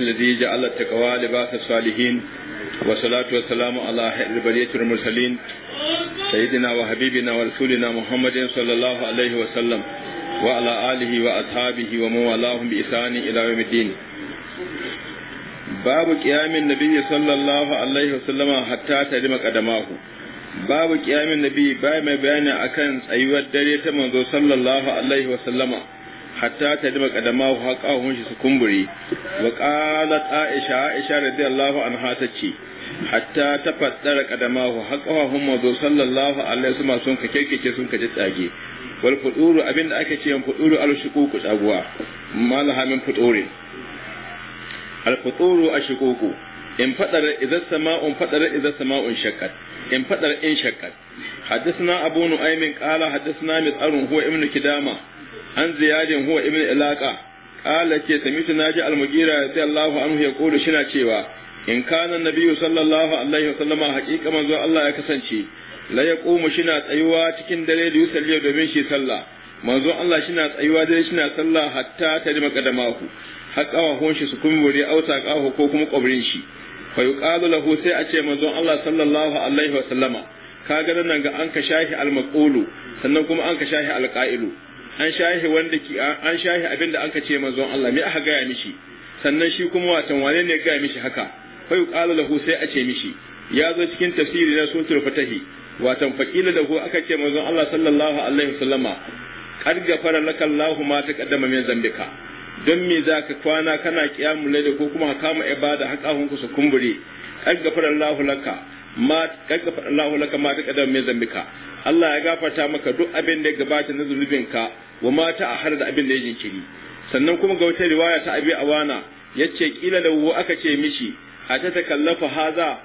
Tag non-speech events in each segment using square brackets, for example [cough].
الذي جعل التقوى لباس الصالحين والصلاة والسلام على خير البرية المرسلين سيدنا وحبيبنا ورسولنا محمد صلى الله عليه وسلم وعلى آله وأصحابه ومن والاهم بإحسان إلى يوم الدين باب قيام النبي صلى الله عليه وسلم حتى تدم قدماه باب قيام النبي باب ما بيان أكن أيوة دريت منذ صلى الله عليه وسلم hatta ta dima kadama ha kahun shi su kumbure wa qalat aisha aisha radiyallahu anha tace hatta ta faddara kadama ha kahun mazo sallallahu alaihi wasallam sun ka kekece sun ka ji tsage wal fuduru abinda aka ce yan fuduru al shukuku tsaguwa malaha min fudurin al fuduru ashukuku in fadar idza sama'un sama'un in in حدثنا أبو نعيم قال حدثنا مزعر هو ابن كدامة an ziyadin huwa ibn ilaqa qala ce samitu naji al-mugira radiyallahu anhu yaqulu shina cewa in kana nabiyyu sallallahu alaihi wasallama haqiqa manzo Allah ya kasance la yaqumu shina tsayuwa cikin dare da yusalli domin shi sallah manzo Allah shina tsayuwa dare shina sallah hatta ta rima kadamahu haƙawa hon shi su kumbure auta ƙaho ko kuma kabrin shi fa yuqalu lahu sai a ce manzo Allah sallallahu alaihi sallama. ka ga nan ga an ka shahi al-maqulu sannan kuma an ka shahi an shahi wanda ki an shahi abinda an ce manzon Allah me aka gaya mishi sannan shi kuma watan wane ne gaya mishi haka fa yuqalu lahu sai a ce mishi ya zo cikin tafsiri na suratul fatahi watan faqila lahu aka ce manzon Allah sallallahu alaihi wasallama qad gafara laka Allahu ma taqaddama min zambika don me za ka kwana kana kiyamu da ko kuma kama ibada haƙahunku su kumbure qad gafara Allahu laka ma kaga faɗa Allah laka ma taqaddama min zambika Allah ya gafarta maka duk abin da ya gabata na zunubinka wa mata a har da abin da ya jinkiri sannan kuma ga wata riwaya ta abi awana yace kila wu aka ce mishi a ta takallafa haza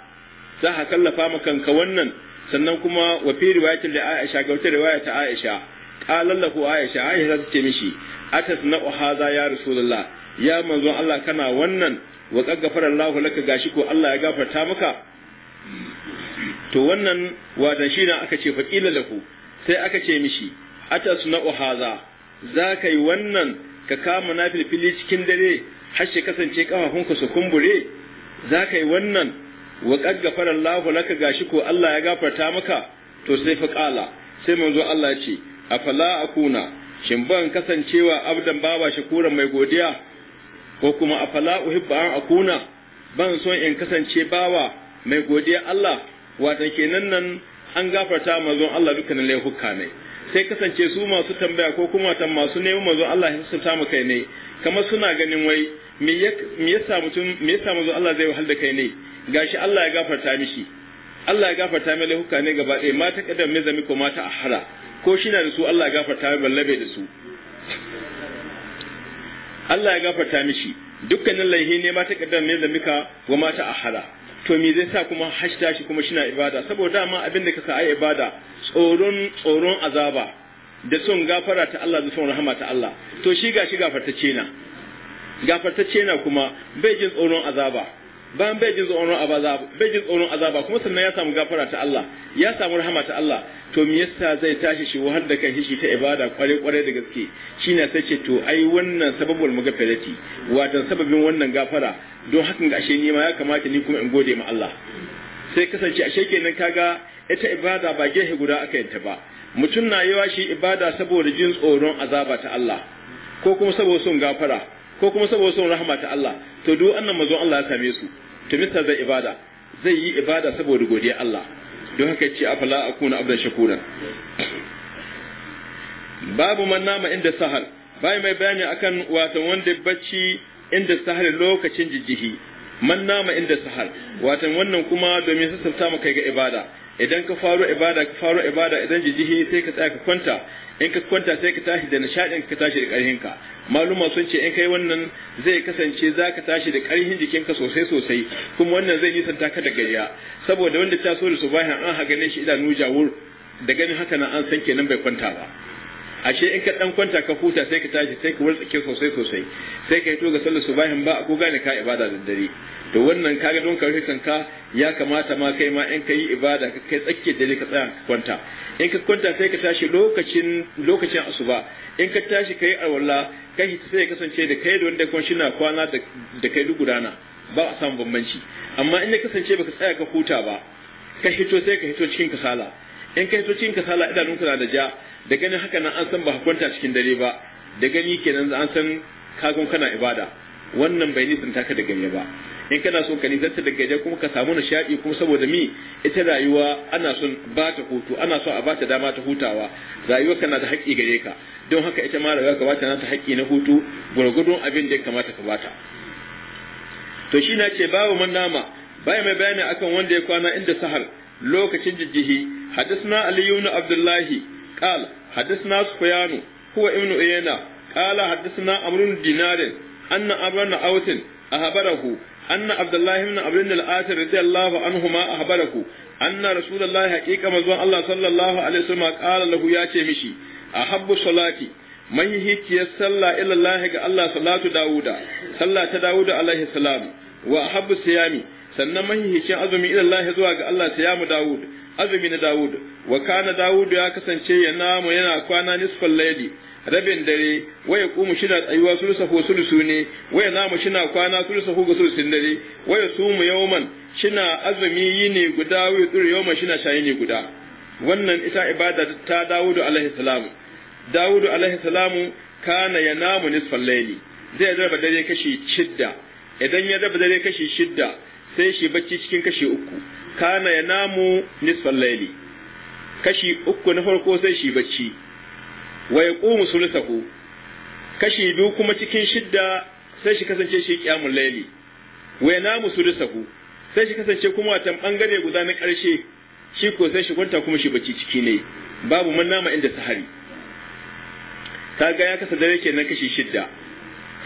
za ka kallafa kanka wannan sannan kuma wa fi riwayatul da Aisha ga wata riwaya ta Aisha qalallahu Aisha Aisha Aisha ta ce mishi atasna'u haza ya rasulullah ya manzon Allah kana wannan wa kaggafarallahu laka gashi ko Allah ya gafarta maka to wannan wadan shi na aka ce faƙila lahu sai aka ce mishi ata suna haza za ka yi wannan ka kama na filfili cikin dare har shi kasance kafafunka su kumbure za ka yi wannan wa ga ghafara Allahu laka gashi ko Allah ya gafarta maka to sai fa qala sai manzo Allah ya ce afala akuna shin ban kasancewa abdan baba shakuran mai godiya ko kuma afala uhibba an akuna ban son in kasance bawa mai godiya Allah Watan kenan nan an gafarta mazon Allah dukkanin laifuka ne sai kasance su masu tambaya ko kuma tan masu neman mazon Allah ya sassauta mu kai ne kamar suna ganin wai me yasa mutum me yasa mazon Allah zai wahal da kai ne gashi Allah ya gafarta mishi Allah ya gafarta mai laifuka ne gaba ɗaya mata kadan mai zami ko mata ahara ko shi na da su Allah ya gafarta mai ballabe da su Allah ya gafarta mishi dukkanin laihi ne mata kadan mai ka wa mata ahara to me zai sa kuma hashta shi kuma shina ibada saboda dama abin da ka ai ibada tsoron tsoron azaba da son gafara ta Allah da son rahama ta Allah to shi gashi gafartacce na gafartacce na kuma bai jin tsoron azaba bayan bai jin tsoron azaba azaba kuma sannan ya samu gafara ta Allah ya samu rahama ta Allah to me yasa zai tashi shi wa da kai shi ta ibada kware kware da gaske shine sai ce to ai wannan sababul magfirati wato sababin wannan gafara don hakan ga ashe ni ma ya kamata ni kuma in gode ma Allah sai kasance ashe kenan kaga ita ibada ba gehe guda aka yanta ba mutum na yawa shi ibada saboda jin tsoron azaba ta Allah ko kuma saboda son gafara ko kuma saboda son rahama ta Allah to duk annan mazon Allah ya same su to zai ibada zai yi ibada saboda godiya Allah don haka ce afala akuna abdan shakura babu man nama inda sahar, bai mai bayani akan wato wanda bacci inda sahar lokacin jijjihi man nama inda sahar, wato wannan kuma domin sassauta maka ga ibada idan ka faro ibada ka faro ibada idan jijihi sai ka tsaya ka kwanta in ka kwanta sai ka tashi da nishadin ka tashi da karhin ka maluma sun ce in kai wannan zai kasance za ka tashi da karhin ka sosai sosai kuma wannan zai nisanta ka da gariya saboda wanda ta so da subahin an haga ganin shi idanu jawur da ganin haka nan an san kenan bai kwanta ba ashe in ka dan kwanta ka huta sai ka tashi sai ka wurtsake sosai sosai sai ka to ga sallar subahin ba ko gane ka ibada da dare to wannan kaga don ka kanka ya kamata ma kai ma in ka yi ibada ka kai tsakiyar dare ka tsaya ka kwanta in ka kwanta sai ka tashi lokacin lokacin asuba in ka tashi kai alwala kai sai ya kasance da kai da wanda kun shina kwana da kai duk gudana ba a samu bambanci amma in ya kasance baka tsaya ka huta ba ka hito sai ka hito cikin kasala in kai to ka kasala idanunka na da ja da ganin haka nan an san ba kwanta cikin dare ba da gani kenan an san ka kana ibada wannan bai nisan taka da ganye ba in kana son ka nisanta da gaje kuma ka samu nishaɗi kuma saboda mi ita rayuwa ana son ba ta hutu ana son a ba ta dama ta hutawa rayuwa kana da haƙƙi gare ka don haka ita ma rayuwa ka ba ta nata haƙƙi na hutu gwargwadon abin da ya kamata ka bata to shi na ce babu man nama baya mai bayani akan wanda ya kwana inda sahar lokacin jijjihi hadisna Ali ibn Abdullah qal hadisna Sufyan huwa ibn Uyayna qala hadisna Amr Dinarin anna Amr Autin ahbarahu أن عبد الله بن عمرو بن العاص رضي الله عنهما أخبره أن رسول الله حقيقة مزون الله صلى الله عليه وسلم قال له يا تيمشي أحب الصلاة من يهيك صلى إلى الله الله صلاة داود صلاة داود عليه السلام وأحب الصيام sannan mahihicin azumi ila Allah zuwa ga Allah Ta yamu Dawud azumi na Dawud wa kana Dawud ya kasance ya namu yana kwana nisfal layli rabin dare waya kumu shida tsayuwa sulusahu sulusu ne waya namu shina kwana sulusahu ga sulusin dare waya sumu yawman shina azumi ne guda waya tsuri yawman shina ne guda wannan ita ibada ta Dawud alaihi salam Dawud alaihi salam kana ya namu nisfal layli zai raba dare kashi shidda idan ya raba dare kashi shidda sai shi bacci cikin kashi uku kana ya namu nisfan laili kashi uku na farko sai shi bacci wa yaqumu sulusahu kashi biyu kuma cikin shidda sai shi kasance shi kiyamul laili wa yanamu sulusahu sai shi kasance kuma watan bangare guda na karshe shi ko sai shi kwanta kuma shi bacci ciki ne babu man nama inda sahari kaga ya kasa dare kenan kashi shidda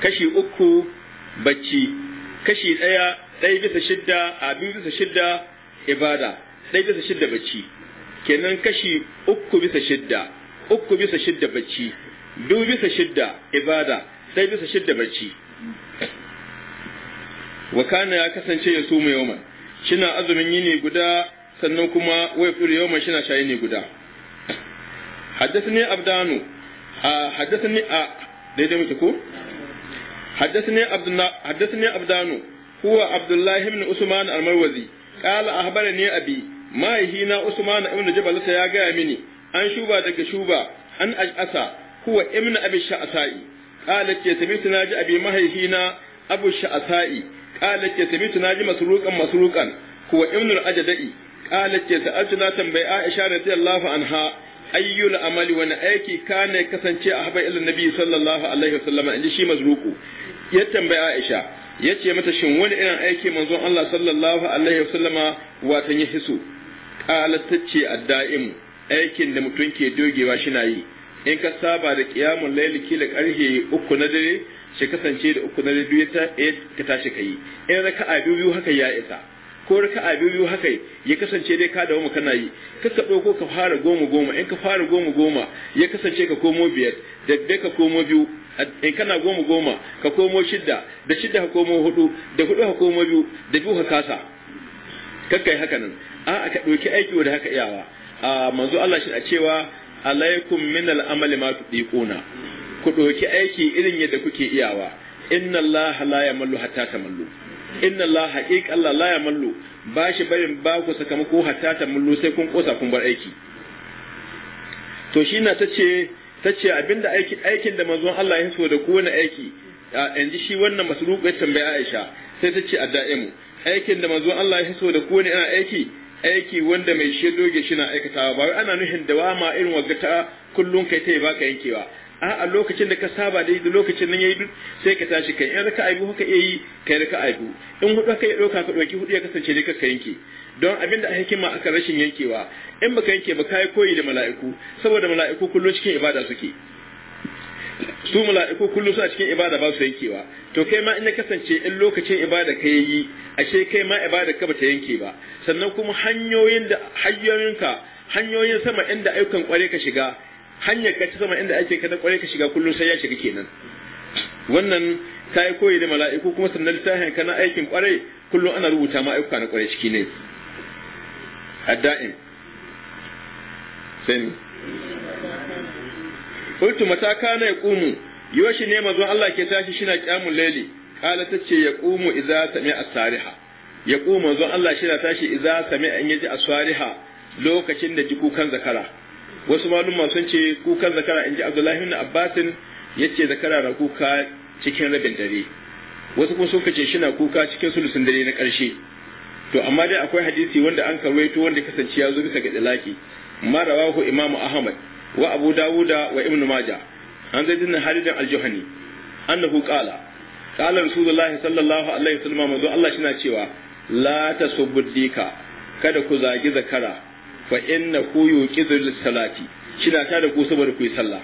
kashi uku bacci kashi ɗaya ɗaya bisa shidda a biyu bisa shidda ibada ɗaya bisa shidda bacci kenan kashi uku bisa shidda uku bisa shidda bacci biyu bisa shidda ibada ɗaya bisa shidda bacci wakana ya kasance ya suma yoma shina azumin yini guda sannan kuma wai furi yoma shina shayi ne guda حدثني أبدانو a daidai muke ko حدثني عبد huwa Abdullah ibn Usman al-Marwazi qala ahbarani abi mahaihina Usman ibn Jabal ya gaya mini an shuba daga shuba an ajasa huwa ibn abi sha'sa'i qala ce sami'tu naji abi mahaihina abu sha'sa'i qala ce sami'tu naji masruqan masruqan huwa ibn al-ajdai qala ce sa'altu na tambayi Aisha radiyallahu anha ayyul amali wani aiki kana kasance a haɓar ilin nabi sallallahu alaihi wasallam in ji shi mazruku ya aisha ya ce mata shin wani irin aiki manzon Allah sallallahu alaihi wasallama watan ya qalat tace adda'im aikin da mutum ke dogewa shina yi in ka saba da qiyamul layli kila karhe uku na dare shi kasance da uku na dare ya ka tashi ka yi in raka'a biyu haka ya isa ko raka'a biyu haka ya kasance dai ka dawo kana yi ka ka dauko ka fara goma goma in ka fara goma goma ya kasance ka komo biyar da biyar ka komo biyu in kana goma goma ka komo shidda da shidda ka komo hudu da hudu ka komo biyu da biyu ka kasa kakkai haka nan a ka dauki aiki da haka iyawa a manzo Allah shi a cewa alaikum min al'amali ma tudiquna ku dauki aiki irin yadda kuke iyawa inna Allah la yamallu hatta tamallu inna Allah haqiqa Allah la yamallu ba shi barin ba ku sakamako hatta ta mullu sai kun kosa kun bar aiki to shi na tace tace abinda aiki aikin da manzon Allah ya so da ku wani aiki yanzu shi wannan masruq ya tambaya Aisha sai tace adda'imu aikin da manzon Allah ya so da ku wani ina aiki aiki wanda mai shedo doge shi na aikatawa ba ana nuhin dawama irin wagata kullum kai ta ba ka yankewa a a lokacin da ka saba da da lokacin nan yayi duk sai ka tashi kai in raka'a biyu haka yayi kai raka'a aibu. in hudu ka doka ka doki hudu ya kasance ne ka yanke don abinda a hikima aka rashin yankewa in baka yanke ba kai koyi da mala'iku saboda mala'iku kullu cikin ibada suke su mala'iku kullum su a cikin ibada ba su yankewa to kai ma in ya kasance in lokacin ibada ka yi ashe kai ma ibada ka bata yanke ba sannan kuma hanyoyin da hanyoyinka hanyoyin sama inda ayyukan kware ka shiga hanyar ka ta sama inda ake kada kwarai ka shiga kullum sai ya shiga kenan wannan ka yi koyi da mala'iku kuma sannan littafin kana aikin kwarai kullum ana rubuta ma na kwarai ciki ne adda'in sai qultu mata kana yaqumu yoshi ne manzon Allah ke tashi shina qiyamul layli kala tace yaqumu idza sami as-sariha yaqumu manzon Allah shina tashi idza sami an yaji as-sariha lokacin da ji kukan zakara wasu malumma sun ce kukan zakara inji abdullahi ibn abbasin yace zakara na kuka cikin rabin dare wasu kuma sun kace shina kuka cikin sulusun dare na ƙarshe. to amma dai akwai hadisi wanda an karwaito wanda kasance ya zo bisa ga dalaki ma rawahu imamu ahmad wa abu dawuda wa ibnu maja an zai bin al-juhani annahu qala qala rasulullahi sallallahu alaihi wasallam manzo Allah shina cewa la tasubbidika kada ku zagi zakara fa inna ku yuqidul salati kina ta da ku saboda ku yi sallah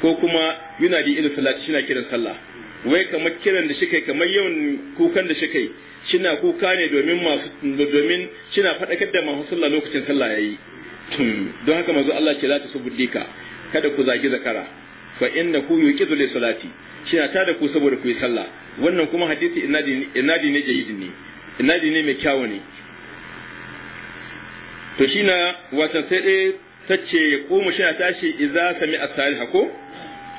ko kuma yuna da ilu salati kina kiran sallah wai kamar kiran da shi kai kamar yawan kukan da shi kai shina kuka ne domin masu domin kina fadakar da masu sallah lokacin sallah yayi hmm, don haka manzo Allah ce la buddika kada ku zagi zakara fa inna ku yuqidul salati kina ta da ku saboda ku yi sallah wannan kuma hadisi inadi inadi ne jayyid ne inadi ne mai kyawu ne to shi na watan sai ɗaya ta ce koma shi na tashi iza sami a sariha ko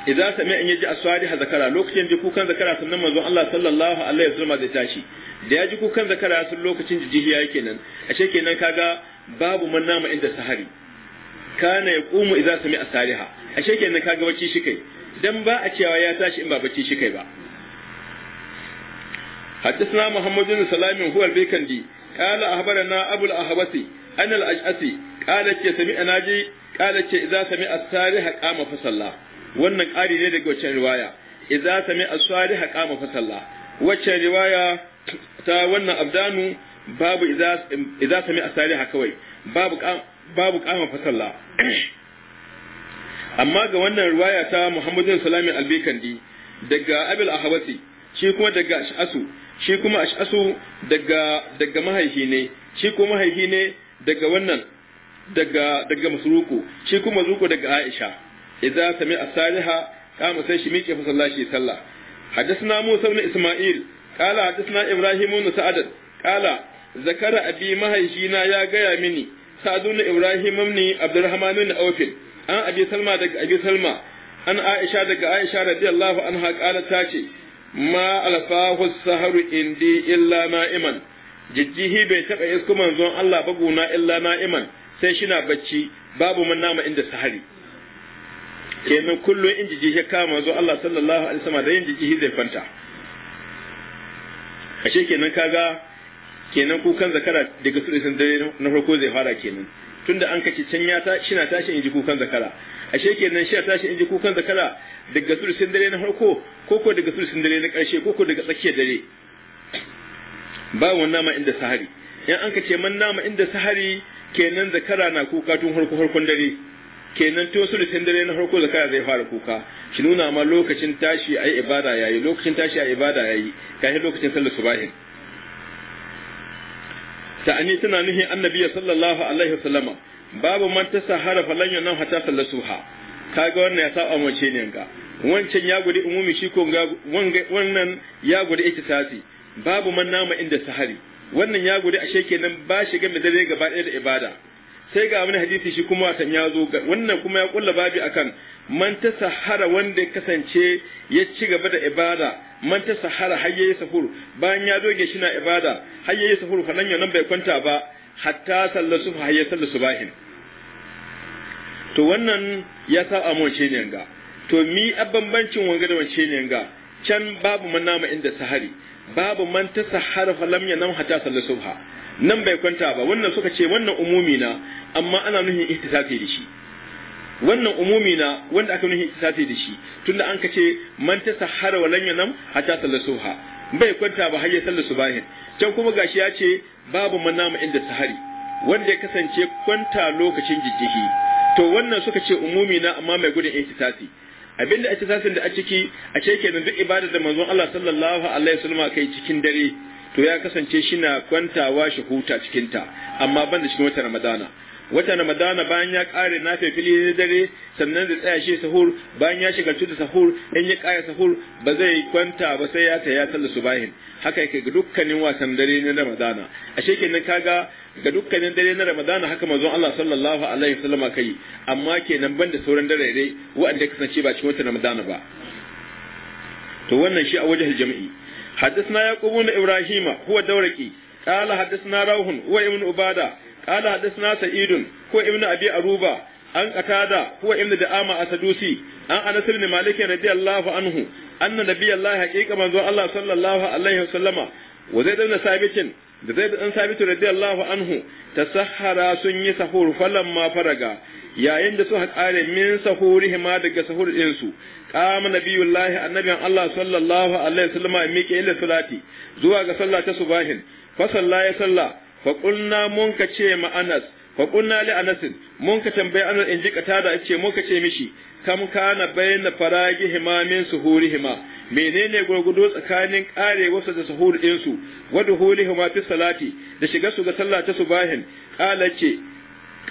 iza sami in yaji asariha zakara lokacin ji kukan zakara sannan manzon Allah sallallahu alaihi wasallam zai tashi da ya ji kukan zakara sun lokacin jijiya kenan ashe kenan kaga babu man nama inda sahari kana ya kumu iza sami asariha ashe kenan kaga wacce shi kai dan ba a cewa ya tashi in ba bacci shi kai ba حدثنا محمد بن سلام هو البيكندي قال أخبرنا أبو الأهوسي an al-ash'asi qala ce sami'a naji qala ce idza sami'a sariha qama fa salla wannan ƙari ne daga wacce riwaya idza sami'a sariha qama fa salla wacce riwaya ta wannan abdanu babu idza idza sami'a sariha kawai babu babu qama fa salla amma ga wannan riwaya ta Muhammadu Salami Albekandi daga Abil Ahwasi shi kuma daga Ash'asu shi kuma Ash'asu daga daga mahaifi ne shi kuma mahaifi ne daga wannan daga daga masruku shi kuma zuko daga Aisha idza sami asaliha kama sai shi miƙe fa sallashi sallah hadisna Musa ibn Isma'il qala hadisna Ibrahim ibn Sa'ad qala zakara abi mahajina ya gaya mini saduna Ibrahim ibn Abdurrahman ibn Auf an abi Salma daga abi Salma an Aisha daga Aisha radiyallahu anha qala tace ma alfahu sahru indi illa ma'iman jijjihi bai taɓa isko manzon Allah ba guna illa na'iman sai shina bacci babu man nama inda sahari kenan kullum in jijjihi kama manzon Allah sallallahu alaihi wasallam da yin jijjihi zai kwanta ashe kenan kaga kenan kukan zakara daga sun dare na farko zai fara kenan tunda an kace can ya ta shina tashi in ji kukan zakara ashe kenan shi tashi in ji kukan zakara daga sun dare na farko koko daga sun dare na karshe koko daga tsakiyar dare ba wani nama inda sahari in an ka ce man nama inda sahari kenan zakara na kuka tun harko harkon dare kenan tun sulusin dare na harko zakara zai fara kuka shi nuna ma lokacin tashi ayi ibada yayi lokacin tashi ayi ibada yayi kafin lokacin sallar subahin ta'ani tana nuhi annabi sallallahu alaihi wasallama babu man tasahara falan yanan hatta sallar suha kaga wannan ya saba mace ne ga wancan ya gudi umumi shi ko wannan ya gudi iktisasi babu man nama inda sahari wannan ya gudu ashe kenan ba shi ga dare gaba ɗaya da ibada sai ga wani hadisi shi kuma watan ya zo wannan kuma ya kulla babi akan man ta sahara wanda ya kasance ya ci gaba da ibada man ta sahara har yayi sahur bayan ya doge shi na ibada har yayi sahur kanan yau nan bai kwanta ba hatta sallar subha har yayi sallar subahin to wannan ya sa a mace ne ga to mi a bambancin wanga da wace ne ga can babu man nama inda sahari babu man tasahhara falam yanam hatta sallar subha nan bai kwanta ba wannan suka ce wannan umumi na amma ana nuhin ihtisafi da shi wannan umumi na wanda aka nuhin ihtisafi da shi tunda an ka ce man tasahhara walam yanam hatta sallar subha bai kwanta ba har ya sallar subahin can kuma gashi ya ce babu man nama inda sahari wanda ya kasance kwanta lokacin jijjihi to wannan suka ce umumi na amma mai gudun ihtisafi abinda ake sasin da a ciki a ce kenan duk ibada da manzon Allah sallallahu alaihi wasallam kai cikin dare to ya kasance shi na kwantawa shi huta cikin ta amma ban da cikin watan Ramadana wata ramadana bayan ya kare na fili da dare sannan da tsaya shi sahur bayan ya shiga da sahur in ya kare sahur ba zai kwanta ba sai ya ta ya sallar subahin haka yake ga dukkanin wasan dare na ramadana shekin kenan kaga ga dukkanin dare na ramadana haka manzon Allah sallallahu alaihi wasallam kai amma kenan banda sauran dare dai wanda ya kasance ba cikin wata ramadana ba to wannan shi a wajen jami'i حدثنا يعقوب بن ابراهيم هو الدورقي قال حدثنا روح ابن عباده قال حدثنا سعيد هو ابن أبي أروبة عن قتادة هو ابن دعامة السدوسي عن أنس بن مالك رضي الله عنه أن نبي الله حقيقة منذ الله صلى الله عليه وسلم وزيد بن ثابت da zai dan sabitu radiyallahu anhu ta sahara sun yi sahur falan ma faraga yayin da suka kare min sahurihim daga sahur din su qama nabiyullahi annabiyan Allah sallallahu alaihi wasallam miƙe ila salati zuwa ga sallah ta subahin fa salla ya salla fa qulna mun ka ce ma Anas fa qulna li Anas mun ka tambaye Anas in ji katada yace mun ka ce mishi kam kana bayyana faragi himamin hima? menene gurgudu tsakanin kare wasu da suhur din su wa duhulihima fi salati da shiga su ga sallah ta subahin qala ce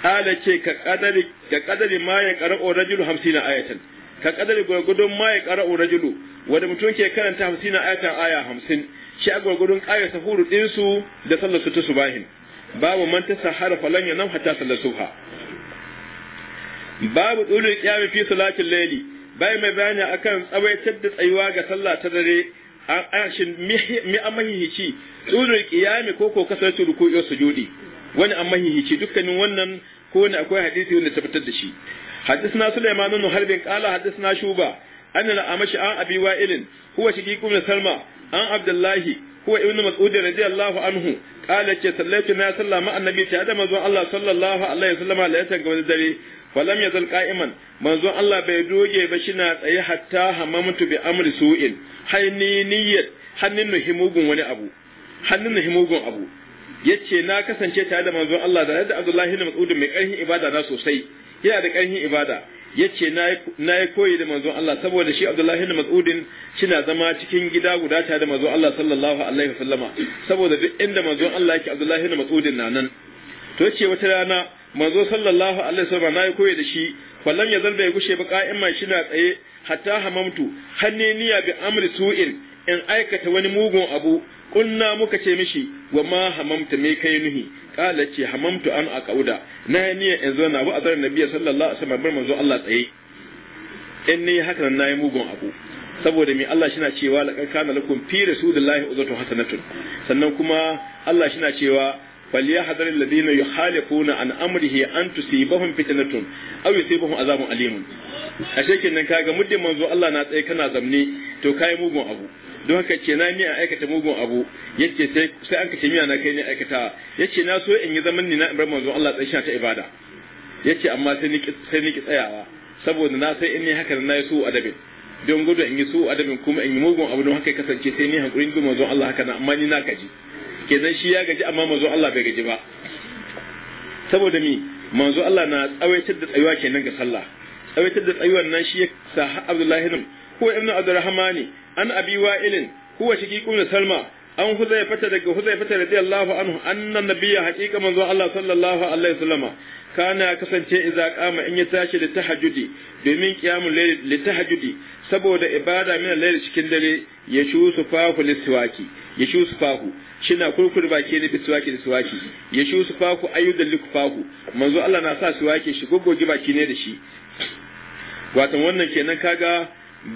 qala ce ka kadari ka kadari ma ya qara'u rajulu 50 ayatan ka kadari gurgudun ma ya qara'u rajulu wanda mutum ke karanta 50 ayatan aya 50 shi a gwargwadon ƙayar sahuru ɗinsu da sallar su ta subahin babu man ta sahara falan ya nan hatta sallar subha babu tsulun kiyami fi salatin laili bai mai bayani akan tsawaitar da tsayuwa ga sallah ta dare an ashin mi an mahihici tsulun kiyami ko ko kasarci su sujudi wani an mahihici dukkanin wannan ko wani akwai hadisi wanda tabbatar da shi حدثنا سليمان بن حرب قال حدثنا shuba. أن الأعمش عن أبي وائل هو شقيق بن سلمى عن عبد الله هو ابن مسعود رضي الله عنه قال ce sallaitu na salla ma annabi da manzon Allah sallallahu alaihi wasallam da ya tanga wani dare falam yazal qa'iman manzon Allah bai doge ba shina tsaye hatta hamamtu bi amri su'in haini niyyat hannun himugun wani abu abu yace na kasance tare da manzon Allah da da Abdullahi ibn Mas'ud mai ƙarfin ibada na sosai yana da ƙarfin ibada yace na yi koyi da manzon Allah saboda shi Abdullahi ibn Mas'udin shina zama cikin gida guda tare da manzon Allah sallallahu alaihi wasallama saboda duk inda manzon Allah yake Abdullahi da Mas'udin na nan to yace wata rana manzo sallallahu alaihi wasallama na yi koyi da shi wallan ya zalbe ya gushe ba mai shina tsaye hatta hamamtu hanne niyya bi amri su'in in aikata wani mugun abu kunna muka ce mishi wa ma hamamta me kai nuhi qala ce hamamtu an aqauda na niyya in zo na bu azar nabiy sallallahu alaihi wasallam bar manzo Allah tsaye in ni haka nan nayi mugun abu saboda me Allah shi na cewa laqad kana lakum fi rasulillahi uzatun hasanatun sannan kuma Allah shi na cewa فليحذر الذين يخالفون عن امره ان تصيبهم فتنه او يصيبهم عذاب اليم ashe kenan kaga muddin manzo Allah na tsaye kana zamne to kai mugun abu don haka ce na miya aikata mugun abu yace sai sai an kace miya na kai ne aikata yace na so in yi zaman ni na bar manzon Allah tsaye ta ibada yace amma sai ni sai ni tsayawa saboda na sai in ni haka na yi su adabin don gudu in yi su adabin kuma in yi mugun abu don haka kasance sai ni hankurin gudu manzon Allah haka na amma ni na gaji kenan shi ya gaji amma manzon Allah bai gaji ba saboda mi manzo Allah na tsawaitar da tsayuwa kenan ga sallah tsawaitar da tsayuwan nan shi ya sa Abdullahi huwa ibnu abdurrahmani an abi wa'ilin huwa shaqiqun salma an huzaifata daga huzaifata radiyallahu anhu annan nabiyya haqiqa manzo Allah sallallahu alaihi wasallama kana kasance idza qama in ya tashi da tahajjudi domin qiyamul layl li saboda ibada min layl cikin dare ya shusu fahu liswaki ya shusu fahu shina kurkur baki ne biswaki da siwaki ya shusu fahu ayyudan likfahu manzo Allah na sa siwaki shi goggogi baki ne da shi watan wannan kenan ga.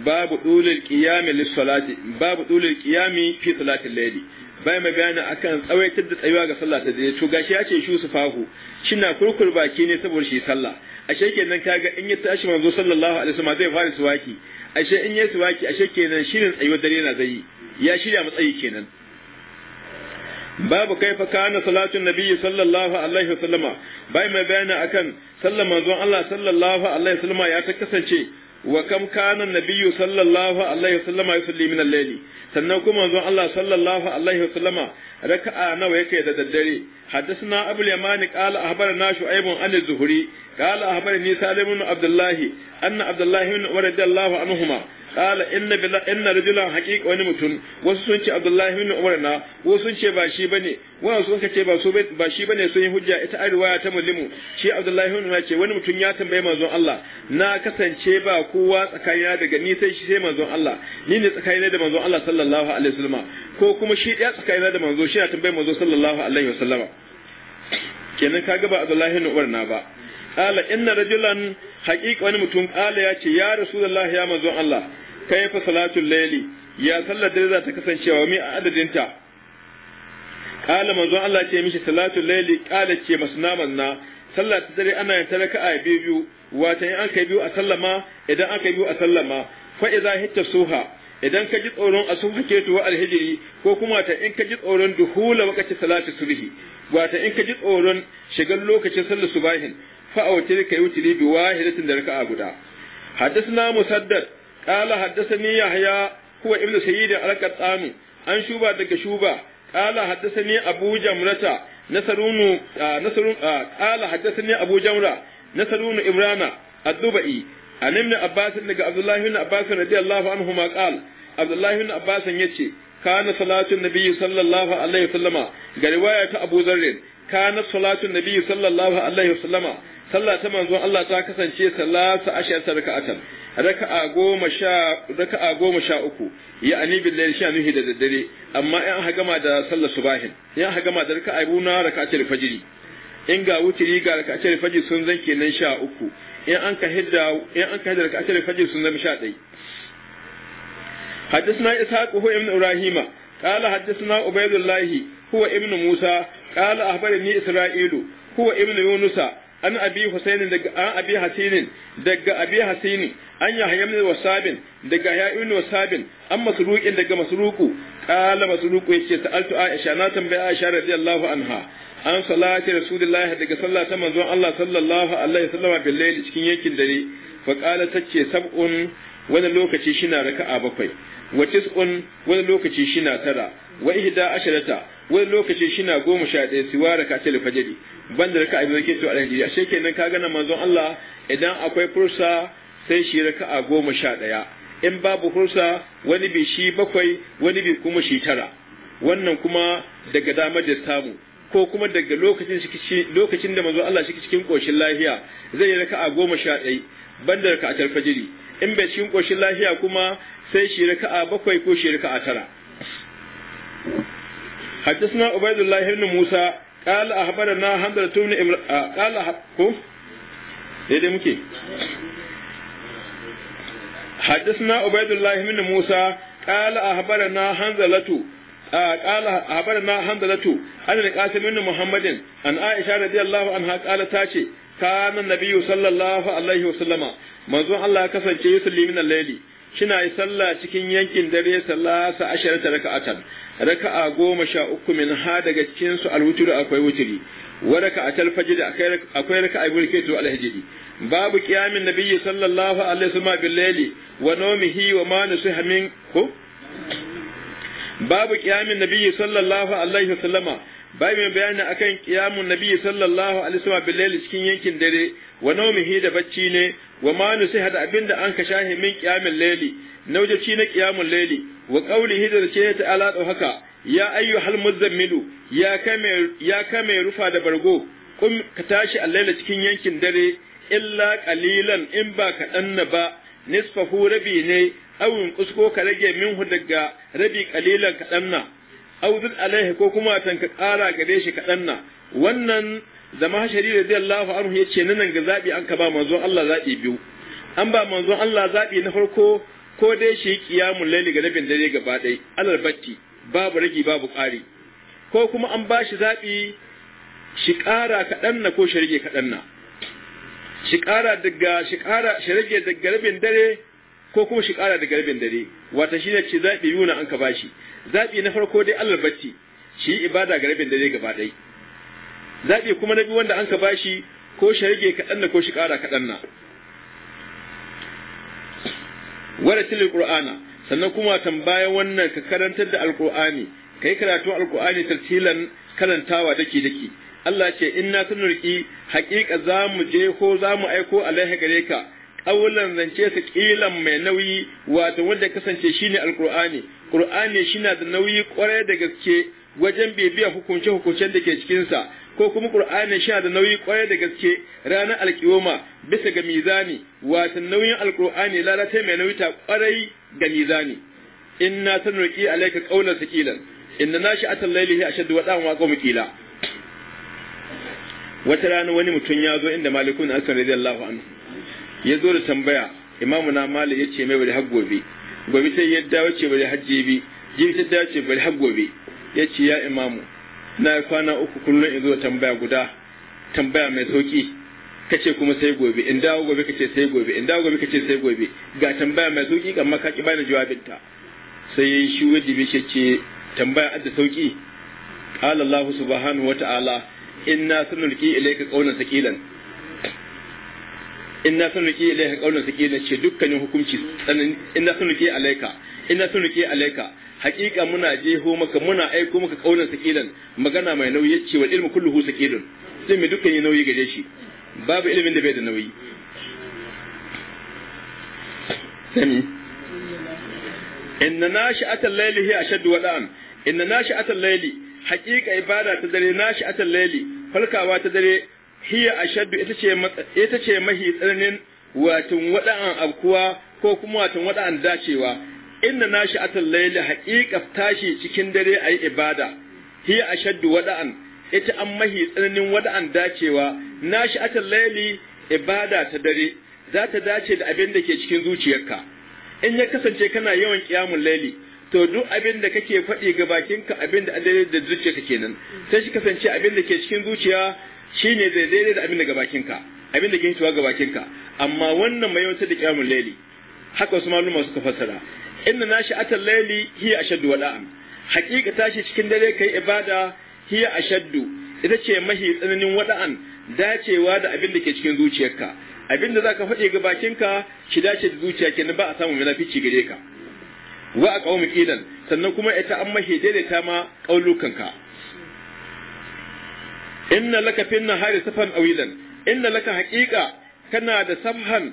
babu dulul qiyami lis salati babu dulul qiyami fi salatil layli bai magana akan tsawaitar da tsayuwa ga sallah ta dare to gashi ya ce shu sufahu shina kurkur baki ne saboda shi sallah ashe kenan kaga in ya tashi manzo sallallahu alaihi wasallam zai fara suwaki ashe in ya suwaki ashe kenan shirin tsayuwa dare na zai ya shirya matsayi kenan babu kaifa kana salatun nabiyyi sallallahu alaihi wasallama bai magana akan sallar manzon Allah sallallahu alaihi wasallama ya ta kasance wa kam kana nabiyyu sallallahu alaihi wasallam yusalli min al-layli sannan kuma manzon Allah sallallahu alaihi wasallam raka'a nawa yake da daddare haddathana abul yamani qala na Shu'aibu an zuhri qala ahbarani salim ibn abdullah anna abdullah ibn radiyallahu anhuma qala inna billah inna rajulan haqiqa wani mutum wasu sun ce abdullahi ibn umar na wasu sun ce ba shi bane wannan sun ce ba su ba shi bane sun yi hujja ita a riwaya ta mulimu shi abdullahi ibn umar ce wani mutum ya tambaye manzon Allah na kasance ba kowa tsakanina daga ni sai shi sai manzon Allah ni ne tsakanina da manzon Allah sallallahu alaihi wasallama ko kuma shi ya tsakanina da manzo shi na tambaye manzo sallallahu alaihi wasallama kenan kaga ba Abdullahi ibn Umar na ba kala inna rajulan haqiqa wani mutum kala ya ce ya rasulullahi ya manzon Allah kai fa salatul layli ya sallar dare za ta kasance wa mi a adadinta kala manzon Allah ce mishi salatul layli kala ce masna na sallar ta dare ana yin talaka a biyu wato wata in an kai biyu a sallama idan an kai biyu a sallama fa idza hitta suha idan ka ji tsoron a sun hake tuwa alhijiri ko kuma ta in ka ji tsoron duhula wakati salati subhi wata in ka ji tsoron shigar lokacin sallar subahin fa autir kai wutiri bi wahidatin da raka'a guda haddathna musaddad qala haddathani yahya huwa ibnu sayyid al-qattani an shuba daga shuba qala haddathani abu jamrata nasarunu nasarun qala haddathani abu jamra nasarunu imrana ad-dubai an ibn abbas daga abdullahi ibn abbas radiyallahu anhu ma qala abdullahi ibn abbas yace kana salatun nabiyyi sallallahu alaihi wasallama ga riwaya ta abu zarrin كانت صلاة النبي صلى الله عليه وسلم sallah ta manzon Allah ta kasance salasa ashar raka'atan raka'a goma sha raka'a goma sha uku ya'ani bil layl sha nuhi da daddare amma in aka gama da sallar subahin in aka gama da raka'a buna raka'atul fajri in ga wutiri ga raka'atul fajri sun zan kenan sha uku in an ka hidda in an ka hidda raka'atul fajri sun zama sha ɗaya حدثنا إسحاق هو ابن إبراهيم قال حدثنا عبيد الله هو ابن موسى قال أخبرني إسرائيل هو ابن يونس an abi husainin daga an abi hasinin daga abi hasini an yahya ibn wasabin daga yahya ibn wasabin an masruqin daga masruqu qala masruqu yace sa'altu aisha na tambaya aisha radiyallahu anha an salati rasulullahi daga sallah ta manzon Allah sallallahu alaihi wasallam bil layl cikin yakin dare fa qala tace sab'un wani lokaci shina raka'a bakwai wa tis'un wani lokaci shina tara wa ihda asharata wani lokaci shina goma sha ɗaya siwa ka tele fajiri banda raka a da ke a jiri a ashe kenan ka gana manzon Allah idan akwai fursa sai shi raka a goma sha ɗaya in babu fursa wani bi shi bakwai wani bi kuma shi tara wannan kuma daga damar da samu ko kuma daga lokacin lokacin da manzon Allah shi cikin ƙoshin lafiya zai yi raka a goma sha ɗaya banda raka a tarfajiri in bai cikin ƙoshin lafiya kuma sai shi raka a bakwai ko shi raka a tara حدثنا عبيد الله بن موسى قال أخبرنا حمزة بن إمر... قال أحب... إيه مكي حدثنا عبيد الله بن موسى قال أخبرنا حنزلة قال أخبرنا حنزلة أن القاسم بن محمد أن عائشة رضي الله عنها قالت تاشي كان النبي صلى الله عليه وسلم منذ الله كسر يصلي من الليل kina yi sallah cikin yankin dare salasa asharata raka'atan raka'a goma sha uku min ha daga cikin su alwuturi akwai wuturi wa raka'atul fajr akwai raka'a guda ke to alhijri babu qiyamin nabiyyi sallallahu alaihi wasallam bil layli wa nawmihi wa ma nasiha min ko babu qiyamin nabiyyi sallallahu alaihi wasallama mai bayani akan qiyamun nabi sallallahu alaihi wasallam bil layl cikin yankin dare wa nawmihi da bacci ne wa ma nusiha da abinda an ka shahi min qiyamul layli naujaci na qiyamul layli wa qawlihi da ce ta ala da haka ya ayyuhal muzammilu ya kame ya kame rufa da bargo kum ka tashi a layla cikin yankin dare illa qalilan in ba ka na ba nisfahu rabi ne awin kusko ka rage minhu daga rabi qalilan kaɗanna. aw zid alaihi ko kuma tan ka ƙara gare shi kadan na wannan da mahashari radiyallahu anhu ya ce nan ga zaɓi an ka ba manzon Allah zabi biyu an ba manzon Allah zabi na farko ko dai shi kiyamun laili ga nabin dare gaba dai alal batti babu ragi babu ƙari ko kuma an ba shi zaɓi shi ƙara kadan na ko shi rage kaɗan na shi ƙara daga shi kara shi rage daga rabin dare ko kuma shi ƙara daga rabin dare wata shi ne ce zaɓi yuna an ka ba shi zaɓi na farko dai Allah bacci shi ibada ga rabin dare gaba ɗai zaɓi kuma na biyu wanda an ka bashi ko shi rage kaɗan na ko shi ƙara kaɗan na wada tilil qur'ana sannan kuma tambaya wannan ka karantar da alqur'ani kai karatu alqur'ani tartilan karantawa dake dake Allah ce inna sunurki haƙiƙa za mu je ko za mu aiko alaiha gare ka ƙaulan zance su kilan mai nauyi wato wanda kasance shine alƙur'ani ƙur'ani na da nauyi ƙwarai da gaske wajen bibiya hukunce hukuncen da ke cikinsa ko kuma ƙur'ani shina da nauyi ƙwarai da gaske ranar alƙiyoma bisa ga mizani wato nauyin alƙur'ani lalata mai nauyi ta ƙwarai ga mizani inna sanurqi alayka qawlan saqilan inna nashi'atal layli ashaddu wa da'an wa qawmi kila wata rana wani mutum ya zo inda malikun asr radiyallahu anhu ya zo da tambaya imamu na malik ya ce mai bari har gobe gobe sai ya dawo ce bari har jibi jibi ta dawo ce bari har gobe ya ce ya imamu na kwana uku kullum in zo tambaya guda tambaya mai sauki kace kuma sai gobe in dawo gobe kace sai gobe in dawo gobe kace sai gobe ga tambaya mai sauki amma ka ki bani jawabinta sai shi wajibi shi ce tambaya adda sauki qala allah subhanahu wa ta'ala inna sanulki ilayka qawlan thaqilan inna sun rike ilaiha qaulan sakina ce dukkanin hukunci tsanani inna sun rike alaika inna sun rike alaika hakika muna jeho maka muna aiko maka qaulan sakilan magana mai nauyi ce wal ilmu kulluhu sai mai dukkan ya nauyi gare shi babu ilimin da bai da nauyi sami inna nashi'atal layli hi ashaddu wada'an inna nashi'atal layli haqiqa ibada ta dare nashi'atal layli falkawa ta dare hiya ashaddu ita ce ita ce mahi tsananin watan wada'an abkuwa ko kuma watan wada'an dacewa inna nashi atal layli haqiqa tashi cikin dare ayi ibada hiya ashaddu wada'an ita an mahi tsananin wada'an dacewa nashi atal layli ibada ta dare za ta dace da abin da ke cikin zuciyarka in ya kasance kana yawan kiyamun laili to duk abin da kake faɗi ga bakinka abin da adalai da zuciyarka kenan sai shi kasance abin da ke cikin zuciya Shi ne zai daidai da abin da gabakin ka abin da ke ga gabakin ka amma wannan mai yawanci da kiyamul laili haka wasu maluma suka fassara inna nashi atal laili hiya ashaddu wala'an haqiqa tashi cikin dare kai ibada hiya ashaddu ita ce mahi tsananin wada'an dacewa da abin da ke cikin zuciyarka abin da zaka faɗi ga bakinka shi dace da zuciya kenan ba a samu munafici gare ka wa a qaumi sannan kuma ita an mahi daidaita ma ka. inna laka fin nahari safan awilan inna laka haqiqa kana da safhan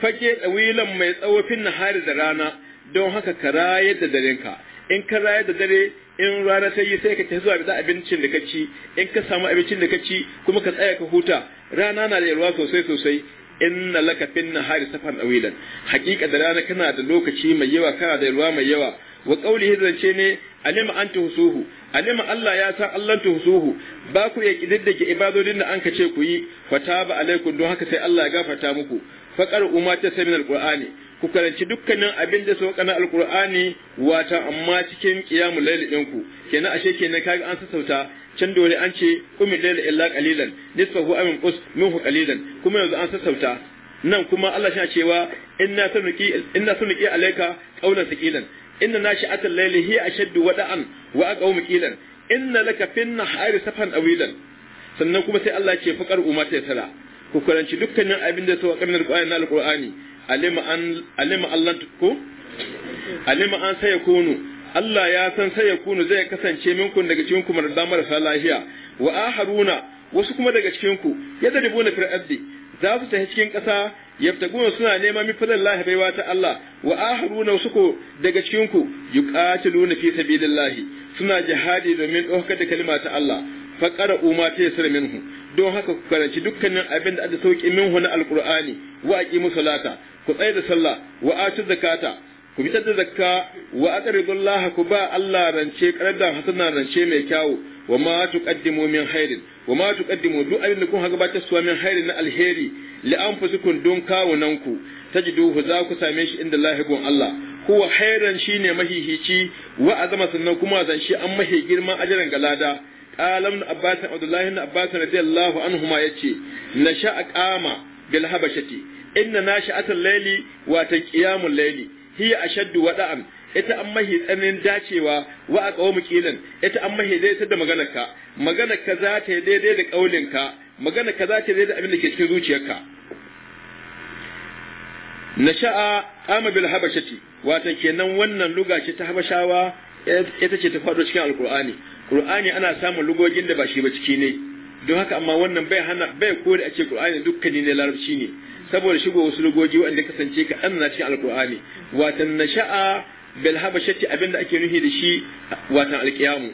fage awilan mai tsawo fin nahari da rana don haka ka rayar da darenka in ka rayar da dare in rana ta yi sai ka tafi zuwa da abincin da ka ci in ka samu abincin da ka ci kuma ka tsaya ka huta rana na da yalwa sosai sosai inna laka fin nahari safan awilan haqiqa da rana kana da lokaci mai yawa kana da yalwa mai yawa wa qawlihi zance ne alima an tuhsuhu alima Allah ya san Allah tuhsuhu ba ku ya kididdake ibadodin da an ce ku yi fataba alaikum don haka sai Allah ya gafarta muku faqar umma ta samin alqur'ani ku karanci dukkanin abin da suka na alqur'ani wata amma cikin qiyamul layl din ku kenan ashe kenan kaga an sassauta can dole an ce qumil layl illa qalilan nisfahu amin qus minhu qalilan kuma yanzu an sassauta nan kuma Allah shi cewa inna sunuki inna sunuki alayka qawlan saqilan inna nashi'atal layli hiya ashaddu wada'an wa aqawmu qilan inna laka fin nahari safan awilan sannan kuma sai Allah ce faqar ummata tara ku karanci dukkanin abin da sauka min alqur'ani alqur'ani alima an alima Allah ko alima an sai yakunu Allah ya san sai yakunu zai kasance minkun daga cikin ku marda marasa lahiya wa aharuna wasu kuma daga cikin ku yadribuna fil ardi za su tafi cikin ƙasa yabtaguna suna neman mifilan lahi baiwa ta Allah wa ahruna suko daga cikin ku yuqatiluna fi sabilillahi suna jihadi domin ɗaukar da kalma ta Allah fa qara'u ma taysir minhu don haka ku karanci dukkanin abin da aka sauki minhu na alqur'ani wa aqimu salata ku tsaya da sallah wa atu zakata ku bi da zakka wa aqridullaha ku ba Allah rance qardan hasana rance mai kyawu wa ma tuqaddimu min khairin wa ma tuqaddimu duk abin da kun ha gabatar suwa min khairin na alheri li anfusikum dun kawunanku tajiduhu za ku same shi inda lahigun Allah huwa khairan shine mahihici wa azama sannan kuma zan shi an mahi girman ajaran galada qalam abbas abdullahi ibn abbas radiyallahu anhuma yace nasha aqama bil habashati inna nashi'atul layli wa tan qiyamul layli hiya ashaddu wada'an ita an mahi tsanin dacewa wa a kawo mukilin ita an mahi zai da maganarka maganarka za ta yi daidai da kaulinka maganarka za ta yi daidai da abin da ke cikin zuciyarka nasha'a qama bil habashati wato kenan wannan luga ce ta habashawa ita ce ta faɗo cikin alqur'ani qur'ani ana samun lugogin da ba shi ba ciki ne don haka amma wannan bai hana bai kore a ce qur'ani dukkani ne larabci ne saboda shigo wasu lugogi wanda kasance ka annana cikin alqur'ani watan nasha'a bil habashati abinda ake nufi da shi watan alqiyamu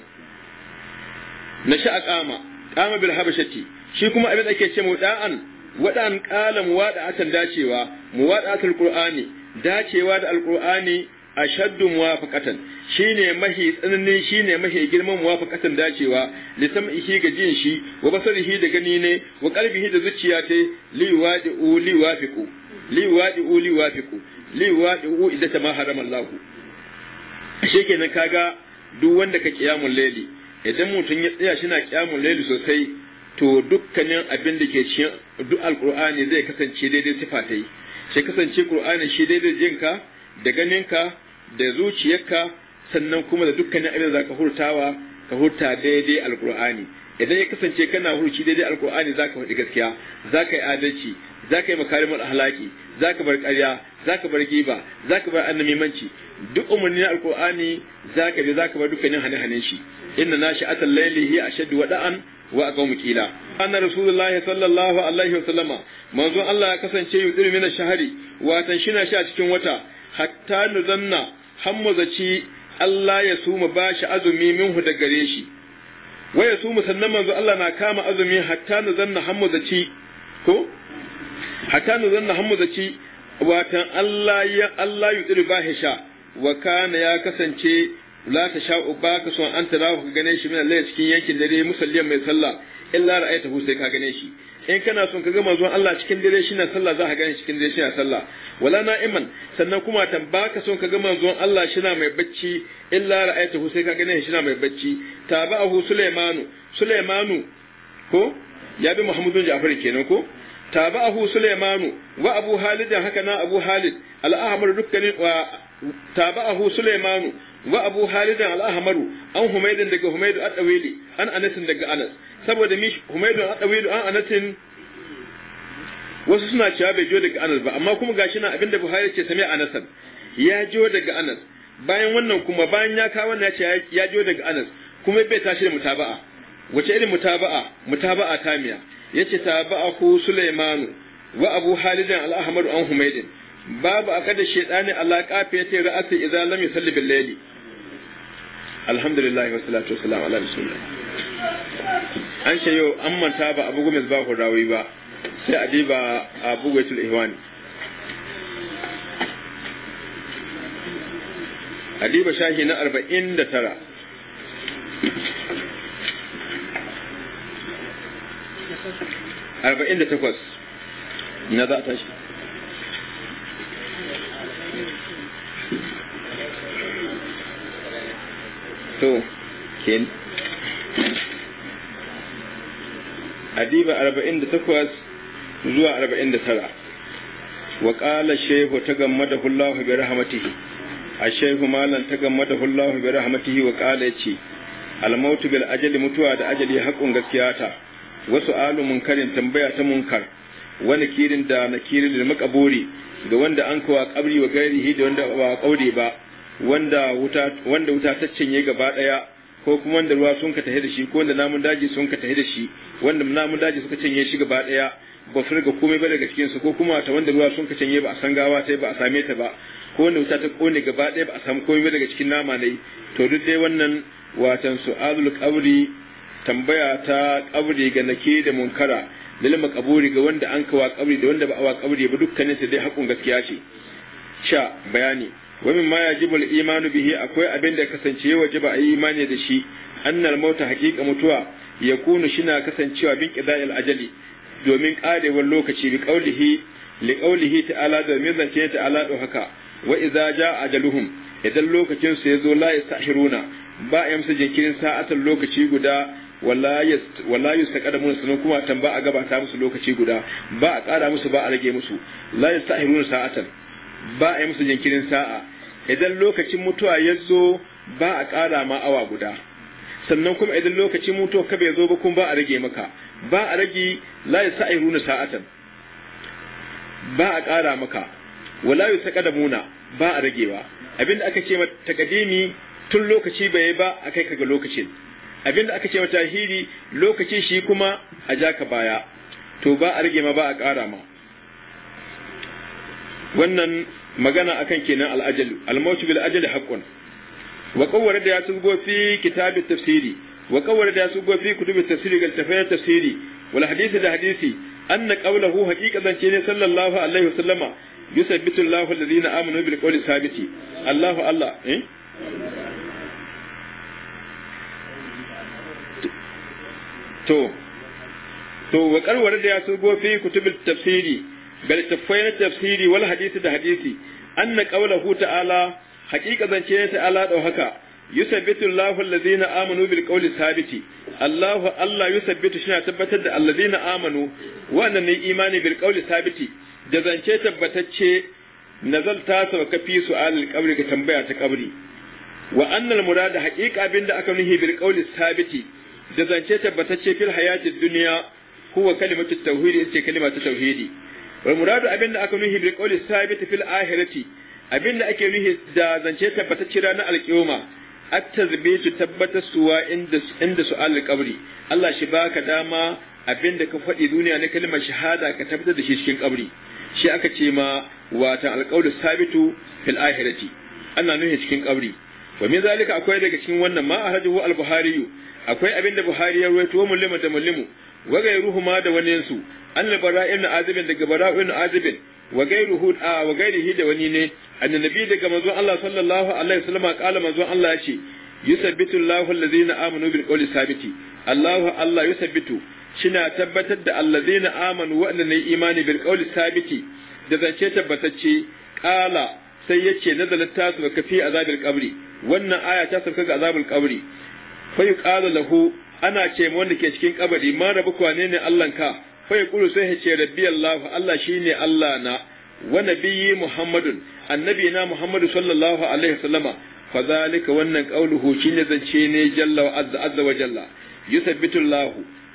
na sha aqama qama bil habashati shi kuma abinda ake ce muda'an wadan qalam wada'atan dacewa muwada'atul qur'ani dacewa da alqur'ani ashaddu muwafaqatan shine mahi tsananin shine mahi girman muwafaqatan dacewa li sam'ihi ga jin shi wa basarihi da gani ne wa qalbihi da zuciya ta li wadi'u li wafiqu li wadi'u li wafiqu li wadi'u idza ma harama Allahu ashe kenan kaga duk wanda ka kiyamul laili idan mutum ya tsaya shi na kiyamul laili sosai to dukkanin abin da ke cikin duk alqur'ani zai kasance daidai yi shi kasance qur'ani shi daidai jinka da ganinka da zuciyarka sannan kuma da dukkanin abin da zaka hurtawa ka hurta daidai alqur'ani idan ya kasance kana hurci daidai alqur'ani zaka faɗi gaskiya zaka yi adalci za ka yi makarimul ahlaki za ka bar ƙarya za ka bar giba za ka bar annabi manci. duk umarni na alkur'ani za ka je za ka bar dukkanin hane-hanen shi inna na shi atal laili hi ashaddu wada'an wa aqamu qila anna rasulullahi sallallahu alaihi wa sallama manzo Allah ya kasance yudiru min shahari watan shina shi a cikin wata hatta nuzanna hammazaci Allah ya suma bashi azumi minhu da gare shi waya su musannan manzo Allah na kama azumi hatta na zanna hammazaci ko hatta nu zanna hammu ci watan Allah ya Allah yudir bahisha wa kana ya kasance la ta sha ba ka son an tara ka gane shi min Allah cikin yankin dare musalliyan mai sallah illa hu sai ka gane shi in kana son ka ga manzon Allah cikin dare shi na sallah za ka gane cikin dare shi na sallah wala na'iman sannan kuma tan baka son ka ga manzon Allah shi na mai bacci illa hu sai ka gane shi na mai bacci tabahu sulaimanu sulaimanu ko ya bi muhammadu ja'far kenan ko tabahu sulaimanu wa abu halid haka na abu halid al-ahmar dukkanin wa tabahu sulaimanu wa abu halid al-ahmar an humaydin daga humayd al-dawili an anas daga anas saboda mi humayd al-dawili an anas wasu suna cewa bai jo daga anas ba amma kuma gashi na abinda buhari ce sami anasan ya jo daga anas bayan wannan kuma bayan ya kawo wannan ya ce ya jo daga anas kuma bai tashi da mutaba'a wace irin mutaba'a mutaba'a tamiya yace tabi'ahu Sulaiman wa Abu Halid al-Ahmar an Humaydin babu akada shaytani ala qafiyati ra'ati idza lam yusalli bil layli alhamdulillah wa salatu wa salam ala rasulillah an ce yau an manta ba abu gomez ba ku rawi ba sai a diba abu gaitul ihwani adiba shahi na arba'in da tara arba'in da takwas na za a tashi to ken adiba arba'in da takwas zuwa arba'in da tara wa ƙala shehu ta gamma da hullahu bi rahmatihi a shehu malan ta gamma da hullahu bi rahmatihi wa ƙala ya ce almautu bil ajali mutuwa da ajali haƙƙun gaskiya ta wasu alu munkarin tambaya ta munkar wani kirin da na kirin da makaburi ga wanda an kawa kabri wa gairihi da wanda ba kaure ba wanda wuta wanda wuta ta cinye gaba daya ko kuma wanda ruwa sun ka tahi da shi ko wanda namun daji sun ka tahi da shi wanda namun daji suka cinye shi gaba daya ba furga komai ba daga cikin su ko kuma ta wanda ruwa sun ka cinye ba a san gawa ta ba a same ta ba ko wanda wuta ta kone gaba daya ba a samu komai ba daga cikin nama ne to duk dai wannan watan su azul qabri tambaya ta kabri ga nake da munkara lil makaburi ga wanda an kawa kabri da wanda ba a kabri ba dukkanin su dai hakun gaskiya ce sha bayani wa ma yajibu al imanu bihi akwai abin da kasance wajiba a yi imani da shi annal mauta haqiqa mutuwa yakunu shina kasancewa bin qida'il ajali domin karewar lokaci bi qaulihi li qaulihi ta'ala da min zance ta'ala do haka wa idza jaa ajaluhum idan lokacin su yazo la yastahiruna ba a yamsa jinkirin sa'atan lokaci guda wala yustaqadamuna sannan kuma tamba a gabata musu lokaci guda ba a ƙara musu ba a rage musu la yastahiruna sa'atan ba a yi musu jinkirin sa'a idan lokacin mutuwa ya zo ba a ƙara ma awa guda sannan kuma idan lokacin mutuwa ka bai zo ba kuma ba a rage maka ba a rage la yastahiruna sa'atan ba a ƙara maka wala muna ba a ragewa abinda aka ce takadimi tun lokaci bai ba a kai ka lokacin abinda aka ce wa tahiri lokacin shi kuma a ja ka baya to ba a rage ma ba a ƙara ma wannan magana akan kenan al'ajal al-mautu bil ajali haqqun wa qawwara da yasu go fi kitab tafsiri wa qawwara da yasu go fi kutub tafsiri gal tafsir tafsiri wal hadisi da hadisi anna qawluhu haqiqatan ce ne sallallahu alaihi wasallama yusabbitu Allahu alladhina amanu bil qawli sabiti Allahu Allah eh to to wa karwar da ya so gofi kutubul tafsiri ga littattafai na tafsiri wal hadisi da hadisi anna qawluhu ta'ala haqiqa zance ta ta'ala dau haka yusabbitu Allahu alladhina amanu bil qawli Allahu Allah yusabbitu shi tabbatar da alladhina amanu wannan ne imani bil qawli Sabiti, da zance tabbatacce nazalta sauka fi su'alil qabri ka tambaya ta qabri wa mura murada haqiqa abinda aka nuhi bil qawli da zance tabbatacce fil hayatid dunya huwa kalimatu tauhidi ita kalima ta tauhidi wal muradu abinda aka nuhi bi qawli sabit fil ahirati abinda ake nuhi da zance tabbatacce ranar alkiyama at-tazbitu tabbatasuwa inda inda su qabri Allah shi baka dama abinda ka faɗi duniya na kalimar shahada ka tabbatar da shi cikin kabri shi aka ce ma wata alqawlu sabitu fil ahirati ana nuhi cikin kabri wa min zalika akwai daga cikin wannan ma ahrajahu al-buhari akwai abin da Buhari ya ruwaito wa mullima da mullimu wa gairuhu ma da wani su annal bara ibn azibin daga bara ibn azibin wa gairuhu a wa gairihi da wani ne annabi daga manzon Allah sallallahu alaihi wasallam kala manzon Allah ya ce yusabbitu Allahu allazina amanu bil qawli sabiti Allahu Allah yusabbitu shina tabbatar da allazina amanu wa'anda ne imani bil qawli sabiti da zance tabbatacce kala sai yace nazalat tasu kafi fi azabil qabri wannan aya ta sauka ga azabul qabri fa yuqalu lahu ana ce wanda ke cikin kabari ma rabu kwane ne Allahnka fa yaqulu sai ya ce rabbi Allah Allah shine Allah na wa nabiyyi Muhammadun annabi na Muhammadu sallallahu alaihi wasallama fa zalika wannan qauluhu shine zance ne jalla wa azza azza wa jalla yuthabbitu Allah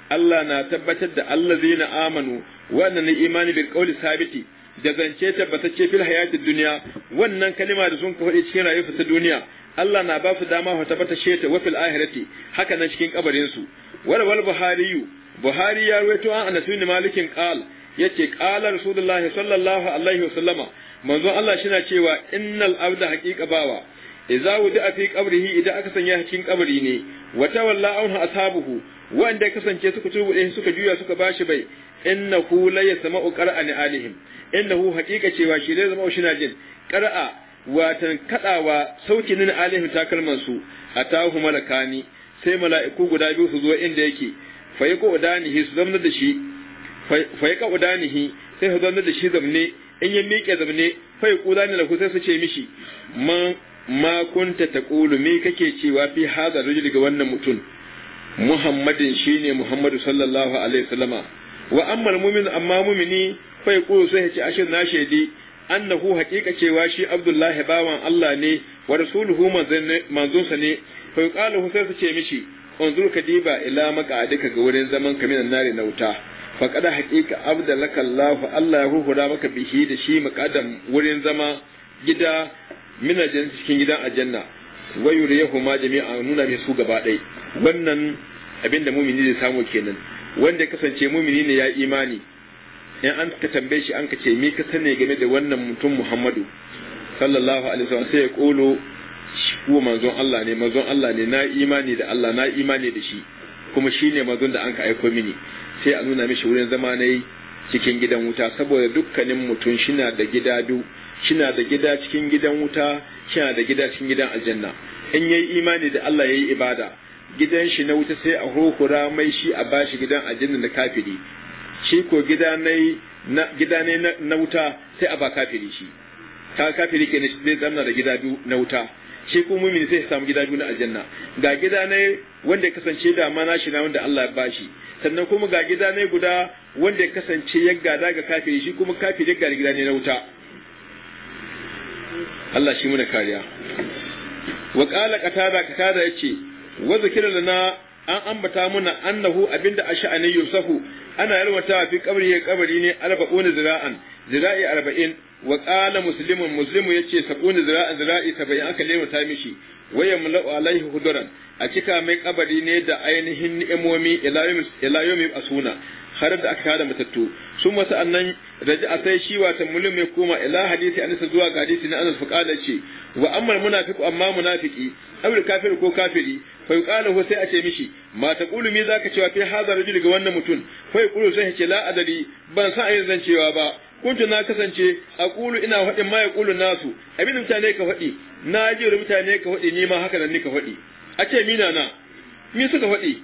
Allah na tabbatar da allazina amanu wannan imani bil qawli sabiti da zance tabbatacce fil hayatid duniya wannan kalima da sun ka faɗi cikin rayuwar ta duniya Allah na ba su dama wa tabbata sheta wa ahirati haka nan cikin kabarin su wal wal buhariyu buhari ya rawaito an anas bin malikin qal yace qala rasulullah sallallahu alaihi wasallama manzon Allah shina cewa innal abda haqiqa bawa idza wudi'a fi qabrihi idan aka sanya cikin kabari ne wa tawalla anhu ashabuhu wanda ya kasance suka tubuɗe suka juya suka bashi bai innahu la yasma'u qara'a alihim innahu haqiqa cewa shi zai zama shi na jin qara'a watan kadawa saukinin alaihim takalman su atahu malakani sai mala'iku guda biyu su zo inda yake fa yaqu udanihi su zamna da shi fa yaqu udanihi sai su zamna da shi zamne in ya miƙe zamne fa yaqu udani lahu sai su ce mishi man ma kunta taqulu me kake cewa fi hadha rajul ga wannan mutum muhammadin shine muhammadu sallallahu alaihi wasallama wa amma mu'min amma mu'mini fa yaqulu sai ya ce ashin na shaidi annahu haqiqa cewa shi abdullahi bawan Allah ne wa rasuluhu manzonsa ne fa yuqalu sai su ce mishi unzur kadiba ila maqadika ga wurin zaman ka minan na wuta fa kada haqiqa abdalaka Allah Allah ya huhura maka bihi da shi maqadam wurin zama gida mina jin cikin gidan aljanna wa yuriyahu ma jami'a nuna mai su gaba ɗaya wannan abinda mumini zai samu kenan wanda kasance mumini ne ya imani in an ka tambaye shi an ka ce mi ka sani game da wannan mutum Muhammadu sallallahu alaihi wasallam sai ya kolo kuma manzon Allah ne manzon Allah ne na imani da Allah na imani da shi kuma shine manzon da an ka aiko mini sai a nuna mishi wurin zama ne cikin gidan wuta saboda dukkanin mutum shina da gida biyu shina da gida cikin gidan wuta shina da gida cikin gidan aljanna in yayi imani da Allah yayi ibada gidan shi na wuta sai a hukura mai shi a bashi gidan aljanna da kafiri shi ko gida ne na wuta sai a ba kafiri shi ka kafiri ke zai zamna da gida biyu na wuta shi ko mumini sai ya samu gida biyu na aljanna ga gida ne wanda ya kasance da mana shi na wanda Allah ya bashi sannan kuma ga gida ne guda wanda ya kasance ya gada ga kafiri shi kuma kafiri ga gida ne na wuta Allah shi muna kariya wa qala qatada qatada yace wa zikira an ambata muna annahu abinda a sha'anin yusafu ana yalwata fi kabri kabari ne arba'una zira'an zira'i arba'in wa qala muslimun muslimu yace sabuna zira'an zira'i saba'in aka yalwata mishi wa yamla'u alaihi huduran a cika mai kabari ne da ainihin ni'imomi ila yawmi asuna har da aka kada matattu sun wasu annan raja'a sai shi wata mulum ya koma ila hadisi anas zuwa ga hadisi na anas fa qala ce wa ammal munafiqu amma munafiki abul kafir ko kafiri fa yuqalu hu sai a ce mishi ma taqulu me zaka cewa fi hadha rajul ga wannan mutum fa yuqulu sai ce la adari ban san ayin zan cewa ba kuntu na kasance a kulu ina faɗin ma ya nasu abin mutane ka faɗi na ji mutane ka faɗi ni ma haka nan ni ka faɗi a ce mina na me suka faɗi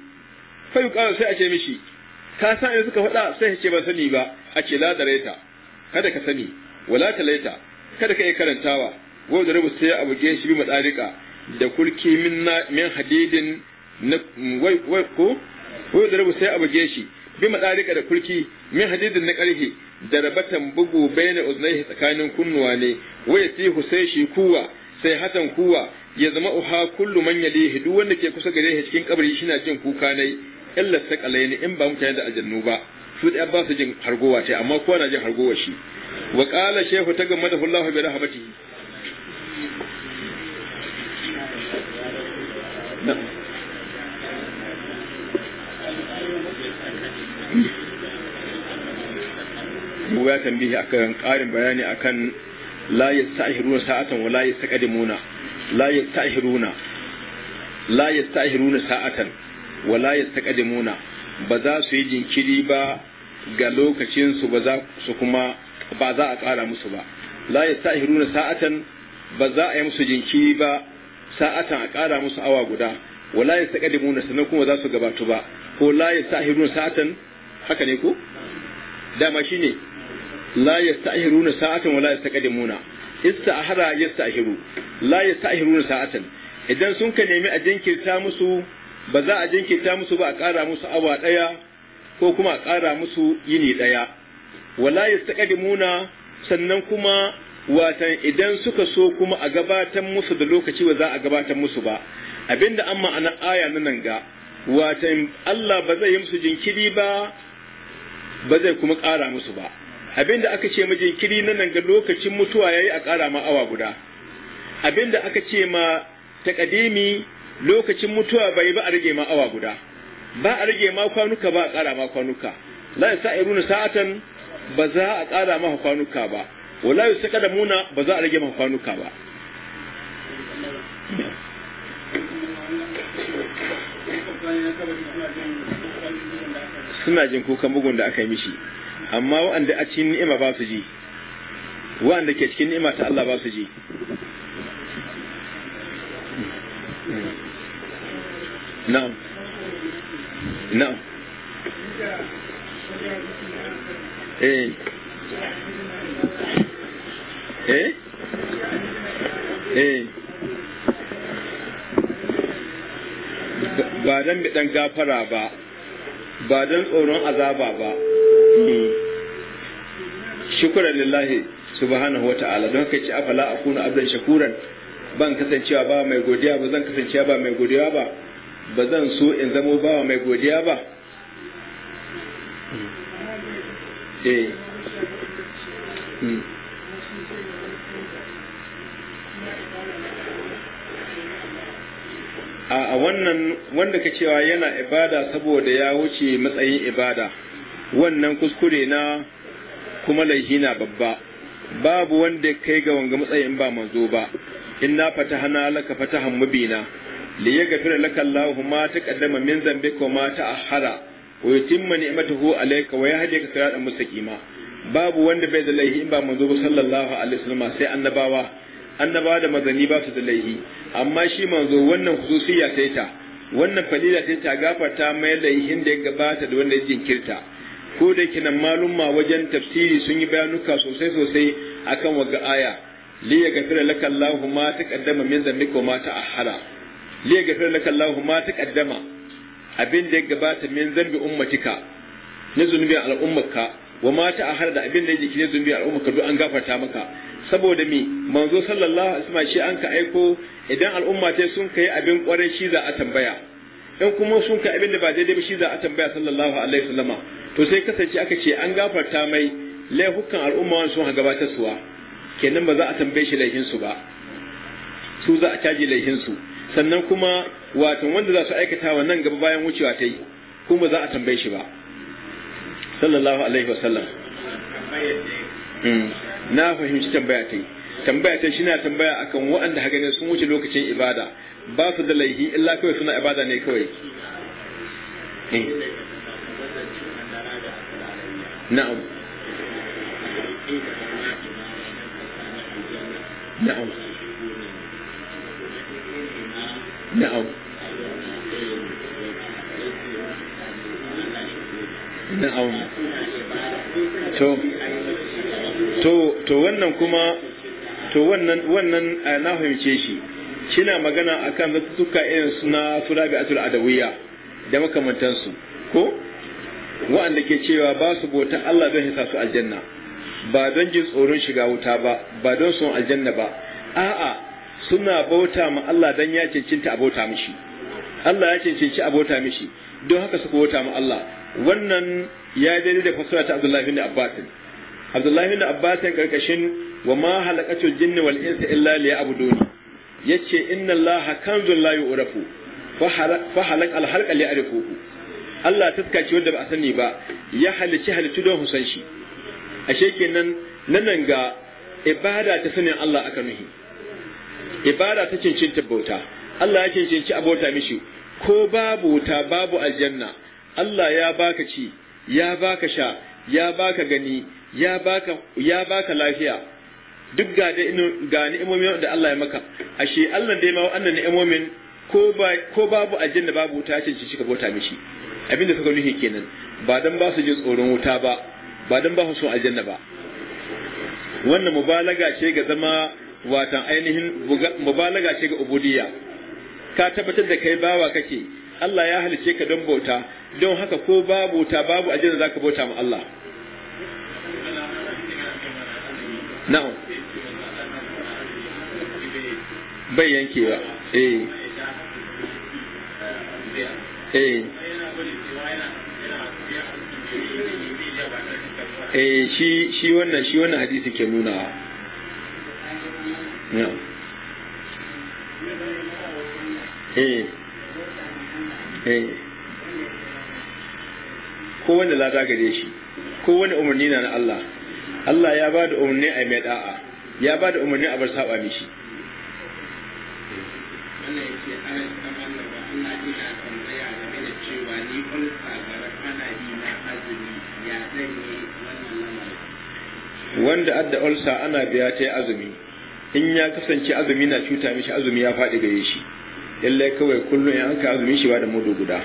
fa yuqalu sai a ce mishi ka sa suka faɗa sai ce ban sani ba a ce la dareta kada ka sani wala laita kada ka yi karantawa wa da rubu sai abu ke shi bi madarika da kulki min min hadidin na wai wai ko wa da rubu sai abu ke shi bi madarika da kulki min hadidin na karhi da rabatan bugu bayna uznaihi tsakanin kunnuwa ne wa yasihu sai shi kuwa sai hatan kuwa ya zama uha kullu man yalihi duk wanda ke kusa gare shi cikin kabari shina jin kuka nai illa sakalaini in ba mutane da aljannu ba su da ba su jin hargowa ce amma kowa na jin hargowa shi wa qala shaykhu tagammadahu Allahu bi rahmatihi ya tambihi akan ƙarin bayani akan la yasta'hiruna sa'atan wa la yastaqdimuna la yasta'hiruna la yasta'hiruna sa'atan wala Muna ba za su yi jinkiri ba ga lokacin su ba za su kuma ba za a ƙara musu ba la yastahiruna sa'atan ba za a yi musu jinkiri ba sa'atan a ƙara musu awa guda wala Muna sannan kuma za su gabatu ba ko la yastahiruna sa'atan haka ne ko dama shine la yastahiruna sa'atan wala yastaqdimuna istahara yastahiru la yastahiruna sa'atan idan sun ka nemi a jinkirta musu ba za a jinkirta musu ba a ƙara musu awa ɗaya ko kuma a ƙara musu yini ɗaya wala yastaqdimuna sannan kuma watan idan suka so kuma a gabatar musu da lokaci ba za a gabatar musu ba abinda an ma'ana aya na nan ga watan Allah ba zai yi musu jinkiri ba ba zai kuma ƙara musu ba abinda aka ce ma jinkiri na nan ga lokacin mutuwa ya yi a ƙara ma awa guda abinda aka ce ma takadimi lokacin mutuwa bai ba a rage ma awa guda ba a rage ma kwanuka ba a ƙara ma kwanuka la yasa'iruna sa'atan ba za a ƙara ma kwanuka ba wala Muna ba za a rage ma kwanuka ba suna jin kukan bugun da aka yi mishi amma wa'anda a cikin ni'ima ba su ji Wa'anda ke cikin ni'ima ta Allah ba su ji na'am na'am eh eh eh ba don biɗan gafara ba ba don tsoron azaba ba shukuran lillahi subhanahu wa ta'ala don haka ce afala akuna abdan shakuran ban kasancewa ba mai godiya ba zan kasancewa ba mai godiya ba ba zan so in zamo bawa mai godiya ba eh. hmm. a wannan wanda ka cewa yana ibada saboda ya wuce matsayin ibada wannan kuskure na kuma laifi na babba babu wanda kai ga wanga matsayin ba manzo ba in na fata hana laka fatahan mubina li laka Allahu ma taqaddama min dhanbika ma ta'akhkhara wa yutimma ni'matahu alayka wa yahdika siratan mustaqima babu wanda bai da laihi in ba manzo ba sallallahu alaihi wasallam sai annabawa annabawa da mazani ba su da laihi amma shi manzo wannan khususiyya sai ta wannan falila sai ta gafarta mai laihin da ya gabata da wanda ya jinkirta ko da kinan malumma wajen tafsiri sun yi bayanuka sosai sosai akan waga aya li ya laka Allahu ma taqaddama min dhanbika wa ma ta'akhkhara li yaghfir laka Allah ma taqaddama abin da ya gabata min zambi ummatika na zunubin al'ummarka wa ma ta ahar da abin da ya jiki na zunubin al'ummarka duk an gafarta maka saboda me manzo sallallahu alaihi wasallam shi an ka aiko idan al'umma ta sun kai abin kwarai shi za a tambaya in kuma sun kai abin da ba daidai ba shi za a tambaya sallallahu alaihi wasallam to sai kasance aka ce an gafarta mai laifukan al'umma sun gabatar suwa kenan ba za a tambaye shi laihin su ba su za a caji laihin su sannan kuma watan wanda za su aikata wa nan gaba bayan wucewa ta yi kuma za a tambaye shi ba sallallahu alaihi wasallam hmm. na fahimci tambaya ta yi tambaya ta shi na tambaya akan waɗanda haka ne sun wuce lokacin ibada ba su da laihi illa kawai suna ibada ne kawai hmm. na'am na'am na'am to wannan kuma to wannan wannan na fahimce shi kina magana akan zattuka irin suna surabi'atul adawiyya da makamantansu ko wa'anda ke cewa ba su bautan Allah don hisa su aljanna ba don jin tsoron shiga wuta ba ba don son aljanna ba a'a suna bauta ma Allah dan ya cancanta a bauta mishi Allah ya cancanci a bauta mishi don haka suka bauta ma Allah wannan ya daidai da fasara ta Abdullahi bin Abbas Abdullahi bin Abbas karkashin wa ma halaqatul jinni wal insa illa ya'buduni yace inna Allah kanzul la yu'rafu fa halaq al halqa arifuhu Allah taska wanda ba a sani ba ya halici halitu don husan shi ashe kenan nan ga ibada ta sanin Allah aka nuhi ibada ta cincinta bauta Allah ya cincinci abota mishi ko babu ta babu aljanna Allah ya baka ci ya baka sha ya baka gani ya baka ya baka lafiya duk ga da ga ni'imomin da Allah ya maka ashe Allah dai ma wannan ni'imomin ko ba ko babu aljanna babu wuta cincinci ka bauta mishi abinda suka nuhi kenan ba dan ba su ji tsoron wuta ba ba dan ba su son aljanna ba wannan mubalaga ce ga zama watan ainihin mubalaga ce ga ubudiyya ka tabbatar da kai bawa kake Allah ya halice ka don bauta don haka ko babu ta babu ajin da zaka bauta ma Allah na'am bai ba eh eh eh shi shi wannan shi wannan hadisi ke nunawa Eh. Eh. ko wanda lada gare shi ko wani umarni na Allah Allah ya ba da umarni a mai da'a ya ba da umarni a bar saba mishi wanda adda ulsa ana biya ta azumi in ya kasance azumi na cuta mishi azumi ya faɗi gare shi lallai kawai kullum in aka azumin shi ba da mudu guda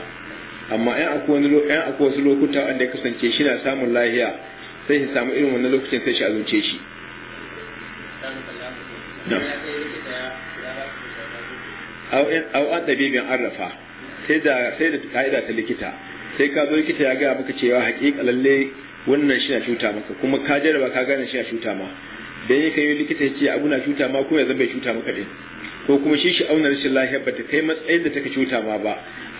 amma in akwai wani akwai wasu lokuta wanda ya kasance shi na samun lahiya sai shi samu irin wannan lokacin sai shi azumce shi au an ɗabibin arrafa sai da sai da ka'ida ta likita sai ka zo likita ya gaya maka cewa haƙiƙa lalle wannan shi na cuta maka kuma ka jaraba ka gane shi na cuta ma dan ya kai likita ya ce abu na cuta ma ko ya bai cuta maka din ko kuma shi shi auna rashin lafiya ba ta kai matsayin da take cuta ma ba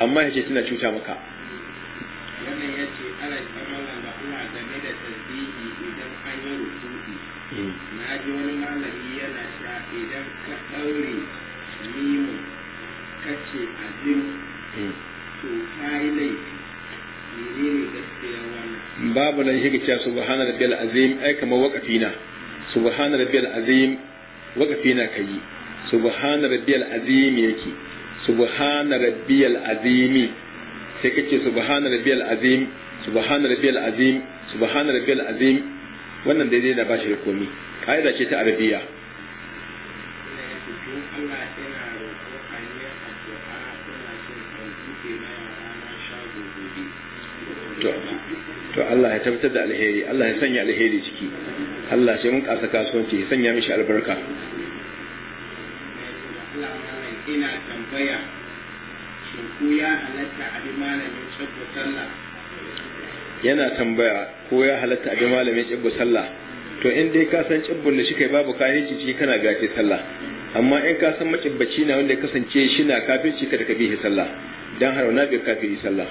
amma ya ce tana cuta maka wannan ya ce ana tsammanin da Allah game da tasbihi idan an yi rukuɗi hmm. na ji wani malami yana sha idan ka daure limu kace ce azim hmm. to kai yi laifi menene gaskiya wannan babu nan shi ga cewa subhana rabbiyal azim ai kamar wakafina subhana rabbiyal azim waqafi na kai subhana rabbiyal azim yake subhana rabbiyal azim sai kace subhana rabbiyal azim subhana rabbiyal azim subhana rabbiyal azim wannan daidai na bashi komi kaida ce ta arabiya to to Allah ya tabbatar da alheri Allah ya sanya alheri ciki Allah sai mun kasa kasuwanci ya sanya mishi albarka ina tambaya shin ku ya halatta malamin sallah yana tambaya ko ya halatta abin malamin tsibbu sallah to in dai ka san tsibbun da shi kai babu kayanci ciki kana gace sallah amma in ka san macibbaci na wanda ya kasance shi na kafirci shi ka bihi sallah dan harauna bai kafiri sallah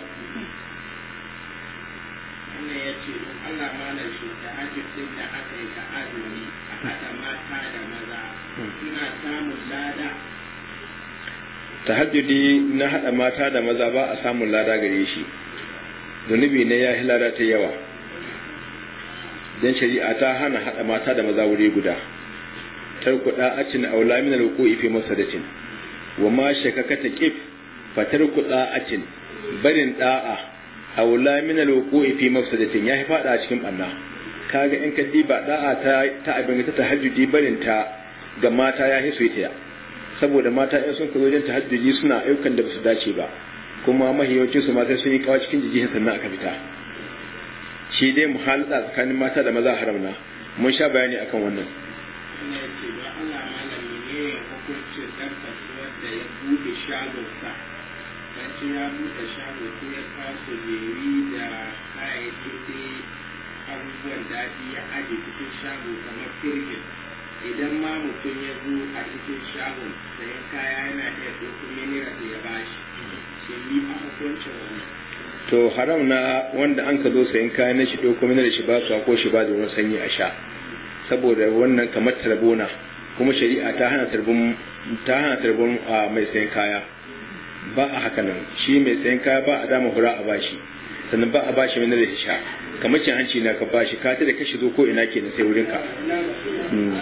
ne ya ce in Allah shi da da aka yi ta azumi a mata da maza suna samun lada tahajjudi na haɗa mata da maza ba a samun lada gare shi zunubi ne ya lada ta yawa don shari'a ta hana haɗa mata da maza wuri guda a acin aula min masa da cin wa ma shakakata qif a cin barin da'a aula min alwuqu'i fi mafsadatin yahi fada a cikin banna kaga in ka diba da'a ta ta abin ta tahajjudi barin ta ga mata yahi su ta saboda mata in sun kazo jin tahajjudi suna ayyukan da basu dace ba kuma mahiyoci su mata sun yi kawa cikin jijihin sannan aka fita shi dai muhalata tsakanin mata da maza haramna mun sha bayani akan wannan ne hukuncin ɗan kasuwar da ya buɗe shagonsa ya ya buɗe shago ko ya kasu jeri da kayayyakin dai abubuwan daji ya aje cikin shago kamar firgin idan ma mutum ya zo a cikin shagon sayan kaya yana iya ɗauko minira da ya bashi shi ni a hukuncin wannan to haram na wanda an ka zo sayan kaya na shi ɗauko minira shi ba su ko shi ba da wani sanyi a sha saboda wannan kamar tarbona kuma shari'a ta hana tarbon ta hana tarbon ah, mai sayan kaya ba a haka nan shi mai tsayin kaya ba a dama hura a bashi sannan ba a bashi mai da sha kamar cin hanci na ka bashi ka ta da kashi zo ko ina ke na sai wurin ka hmm.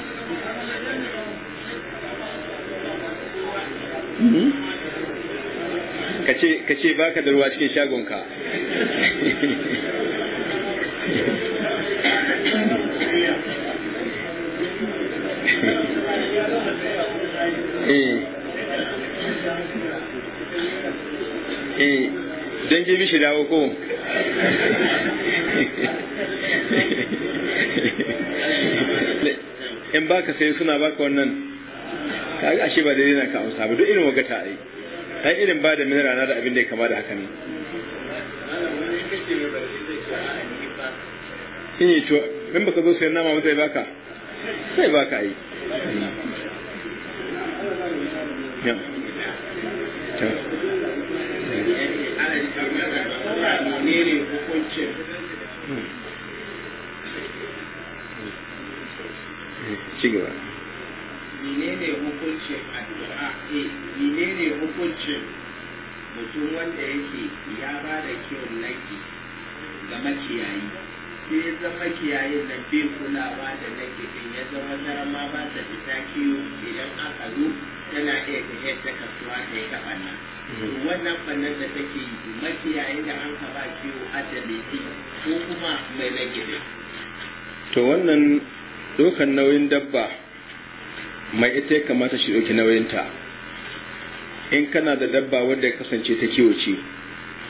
Hmm? ka ce ba ka da ruwa cikin ka Yeah. [laughs] Eh, dan ke bi shi dawo ko in baka sai suna baka wannan kaga ashe ba daidai na ka amsa ba duk irin waga ta ai ai irin ba da min na da abin da ya kama da haka ne in yi to in baka zo sai nama ba zai baka sai baka yi menene hukuncin cigaba menene hukuncin addu'a eh, menene hukuncin mutum wanda yake ya ba da kiwon laki ga makiyayi sai zama kiyayen da bai kulawa da nake din ya zama ma ba ta fita kiwo idan aka zo tana iya tafiyar ta kasuwa ta yi kafanna wannan fannin da take yi makiyayin da an ka ba kiwo adali ko kuma mai nake din to wannan dokan nauyin dabba mai ita ya kamata shi ɗauki nauyinta in kana da dabba wanda ya kasance ta kiwo ce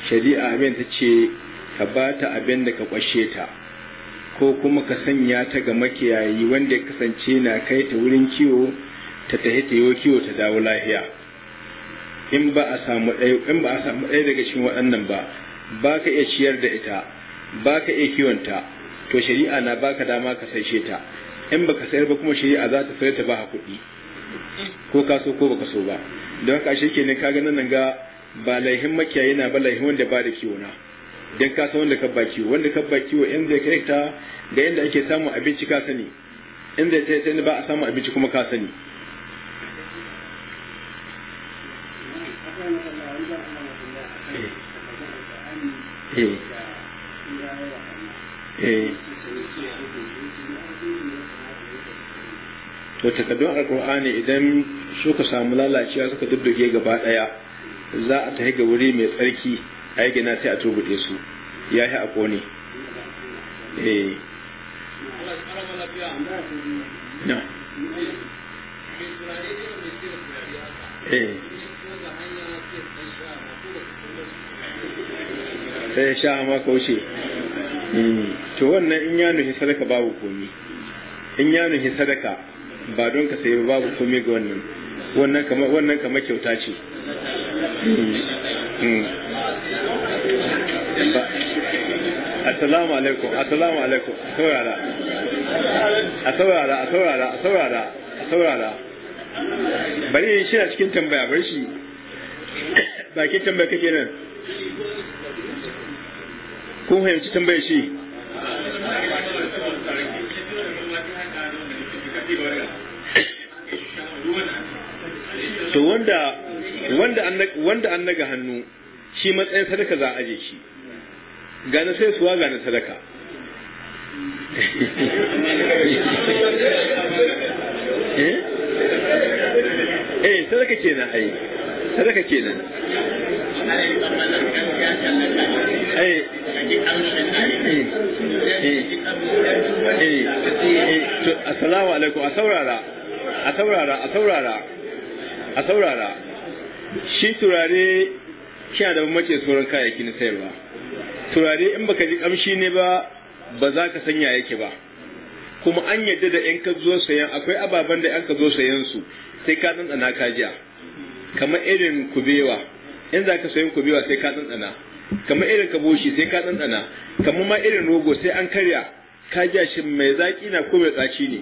shari'a abin ta ce ka ba ta abin da ka kwashe ta ko kuma ka sanya ta ga makiyayi wanda ya kasance na kai ta wurin kiwo ta tahi ta yi kiwo ta dawo lahiya in ba a samu ɗaya daga cikin waɗannan ba ba ka iya ciyar da ita ba ka iya kiwonta to shari'a na baka dama ka saishe ta in ba ka sayar ba kuma shari'a za ta sayar ta ba kuɗi ko ka so ko ba ka so ba don haka shi ne ka ga nan ga ba laihin makiyayi na ba laihin wanda ba da kiwo na dan ka san wanda ka baki wanda ka baki wa in zai kai ta da yanda ake samu abinci ka sani in zai kai ta ba a samu abinci kuma ka sani eh. Eh. to takaddun alkur'ani idan suka samu lalacewa suka dudduge gaba daya za a tafi ga wuri mai tsarki na sai a tubuɗe su ya yi a ƙone eh no eh sai eh, sha ma kauce hmm. to wannan in ya nuhi sadaka babu komi in ya nuhi sadaka ba don ka sayi babu komi ga wannan wannan kama kyauta ce hmm. Hmm. assalamu alaikum assalamu alaikum saurara a saurara a saurara a saurara a saurara bari shi a cikin tambaya bari shi bakin tambaya kake nan kun fahimci tambayar shi to wanda wanda an wanda an naga hannu shi matsayin sadaka za a aje shi gane sai suwa gane sadaka eh? eh sadaka kenan ai sadaka kenan eh, eh. eh. assalamu alaikum a saurara a saurara a saurara a saurara shi turare kina da mace sauran kayayyaki na sayarwa turare in baka ji kamshi ne ba ba za ka sanya yake ba kuma an yadda da yan ka zo sayan akwai ababen da yan ka zo sayan su sai ka dana ka jiya kamar irin kubewa in za ka sayan kubewa sai ka dana kamar irin kaboshi sai ka dana kamar ma irin rogo sai an karya ka jiya shi mai zaƙi na ko mai tsaci ne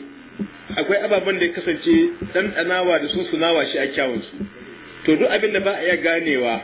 akwai ababen da ya kasance danawa da sunawa shi a kyawun su. to duk abin da ba a iya ganewa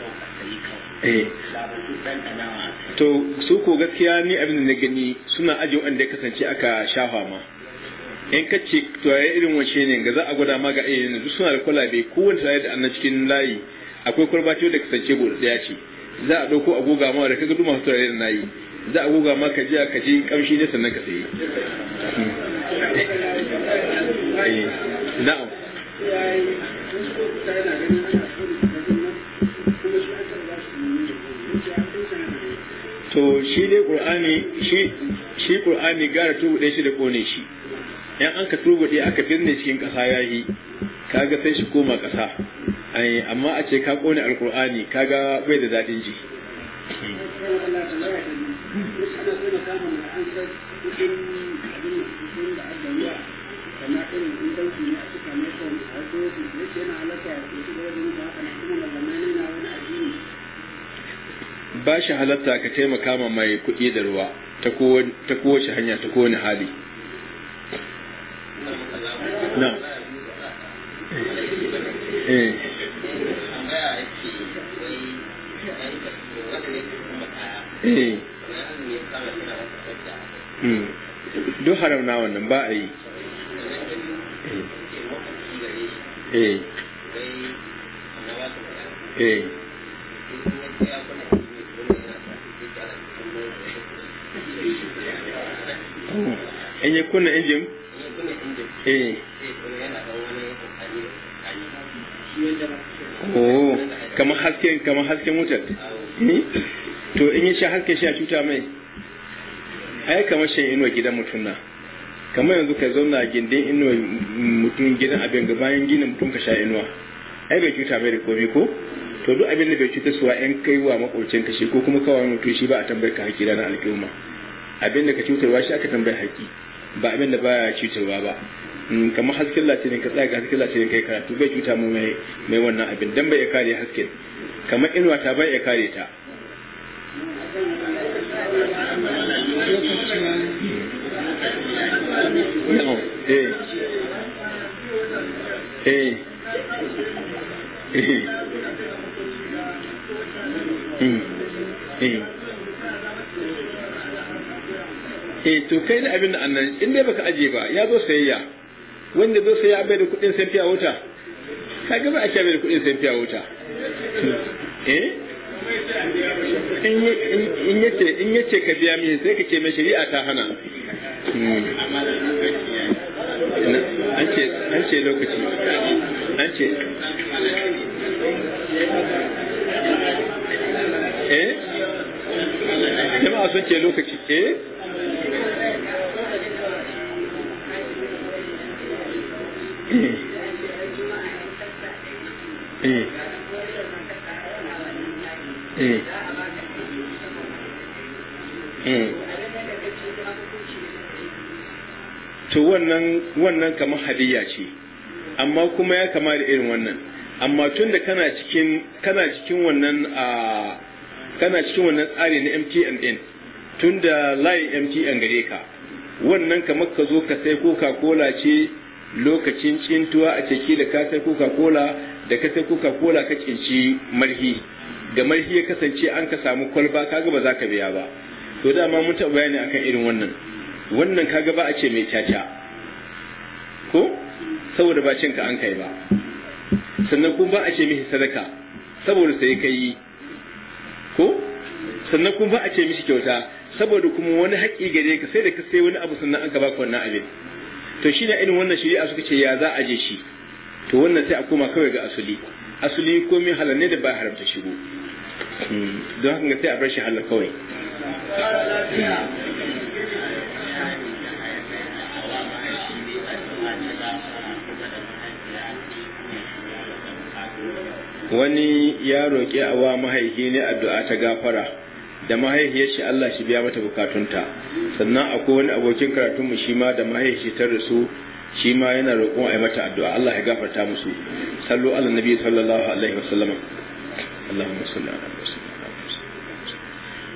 Eh. to su ko gaskiya ni abin da na gani suna aji wanda ya kasance aka shafa ma in ka ce to ya irin wace ne ga za a gwada ma ga irin duk suna da kwalabe kowane tare da annan cikin layi akwai kwalbatiyo da kasance gudu daya ce za a ɗauko goga ma da kaga duma su tare da nayi za a goga ma ka ji ka ji kamshi ne sannan ka sayi [laughs] eh. na'am to shi dai qur'ani shi shi qur'ani gara dai shi da kone shi yan an ka tubu dai aka binne cikin kasa yayi kaga sai shi koma kasa ai amma a ce ka kone alqur'ani kaga bai da dadin ji kana irin inganci ne a cikin mai kawai a wasu yana halatta ya ce da wajen da haka na kuma ba shi halatta ka taimaka ma mai kuɗi da ruwa ta kowace hanya ta kowane hali na eh. Eh. Hmm. duk haram na wannan ba a yi eh eh, eh. in eh, ya kunna injin eh. eh oh kamar hasken kamar hasken wutar eh. to in yi sha hasken shi a cuta mai ai kamar shan inuwa gidan mutum na kamar yanzu ka zauna gindin inuwa mutum gidan abin ga bayan gina mutum ka sha inuwa ai bai cuta mai da komai ko to duk abin da bai cuta suwa yan kai wa makwabcin ka shi ko kuma kawai mutum shi ba a tambayar ka haƙi ranar al'umma abin da ka cutarwa shi aka tambayar haƙi ba abin da baya cutarwa ba hmm, kamar hasken latirin ka tsaya ga hasken latirin kai karatu bai cuta mu mai mai wannan abin dan bai kare hasken kamar inuwa ta bai kare ta eh eh, eh. Hmm. eh. eh to kai ne abin da annan in dai baka aje ba ya zo sayayya wanda zo sayayya bai da kuɗin sai fiya wuta ka ba a kiyaye bai da kuɗin sai fiya wuta eh in yace in yace ka biya mishi sai ka ce mai shari'a ta hana hmm. an ce an ce lokaci an ce eh jama'a sun ce lokaci eh wannan wannan kamar hadiyya ce amma kuma ya kama da irin wannan amma tun da kana cikin kana cikin wannan a kana cikin wannan tsari na MTN din tun da layin MTN gare ka wannan kamar ka zo ka sai Coca-Cola ce lokacin cintuwa a ceki da ka sai Coca-Cola da ka sai Coca-Cola ka cinci marhi ga marhi ya kasance an ka samu kwalba kaga ba za ka biya ba to dama mun taɓa bayani akan irin wannan wannan kaga ba a ce mai caca ko saboda ba cinka an kai ba sannan kuma ba a ce mishi sadaka saboda sai ka yi ko sannan kuma ba a ce mishi kyauta saboda kuma wani haƙi gare ka sai da ka sai wani abu sannan an ka baka wannan abin to shi ne irin wannan shari'a suka ce ya za a je shi to wannan sai a koma kawai ga asuli asuli ko min halal ne da ba haramta shigo hmm, don haka sai a bar shi halal kawai wani ya roƙi awa mahaifi ne addu'a ta gafara da mahaifiyar shi Allah shi biya mata bukatunta sannan akwai wani abokin karatun mu shi ma da mahaifi ta rasu shi ma yana roƙon a yi mata addu'a Allah ya gafarta musu sallu ala nabi sallallahu alaihi wasallam Allahumma salli ala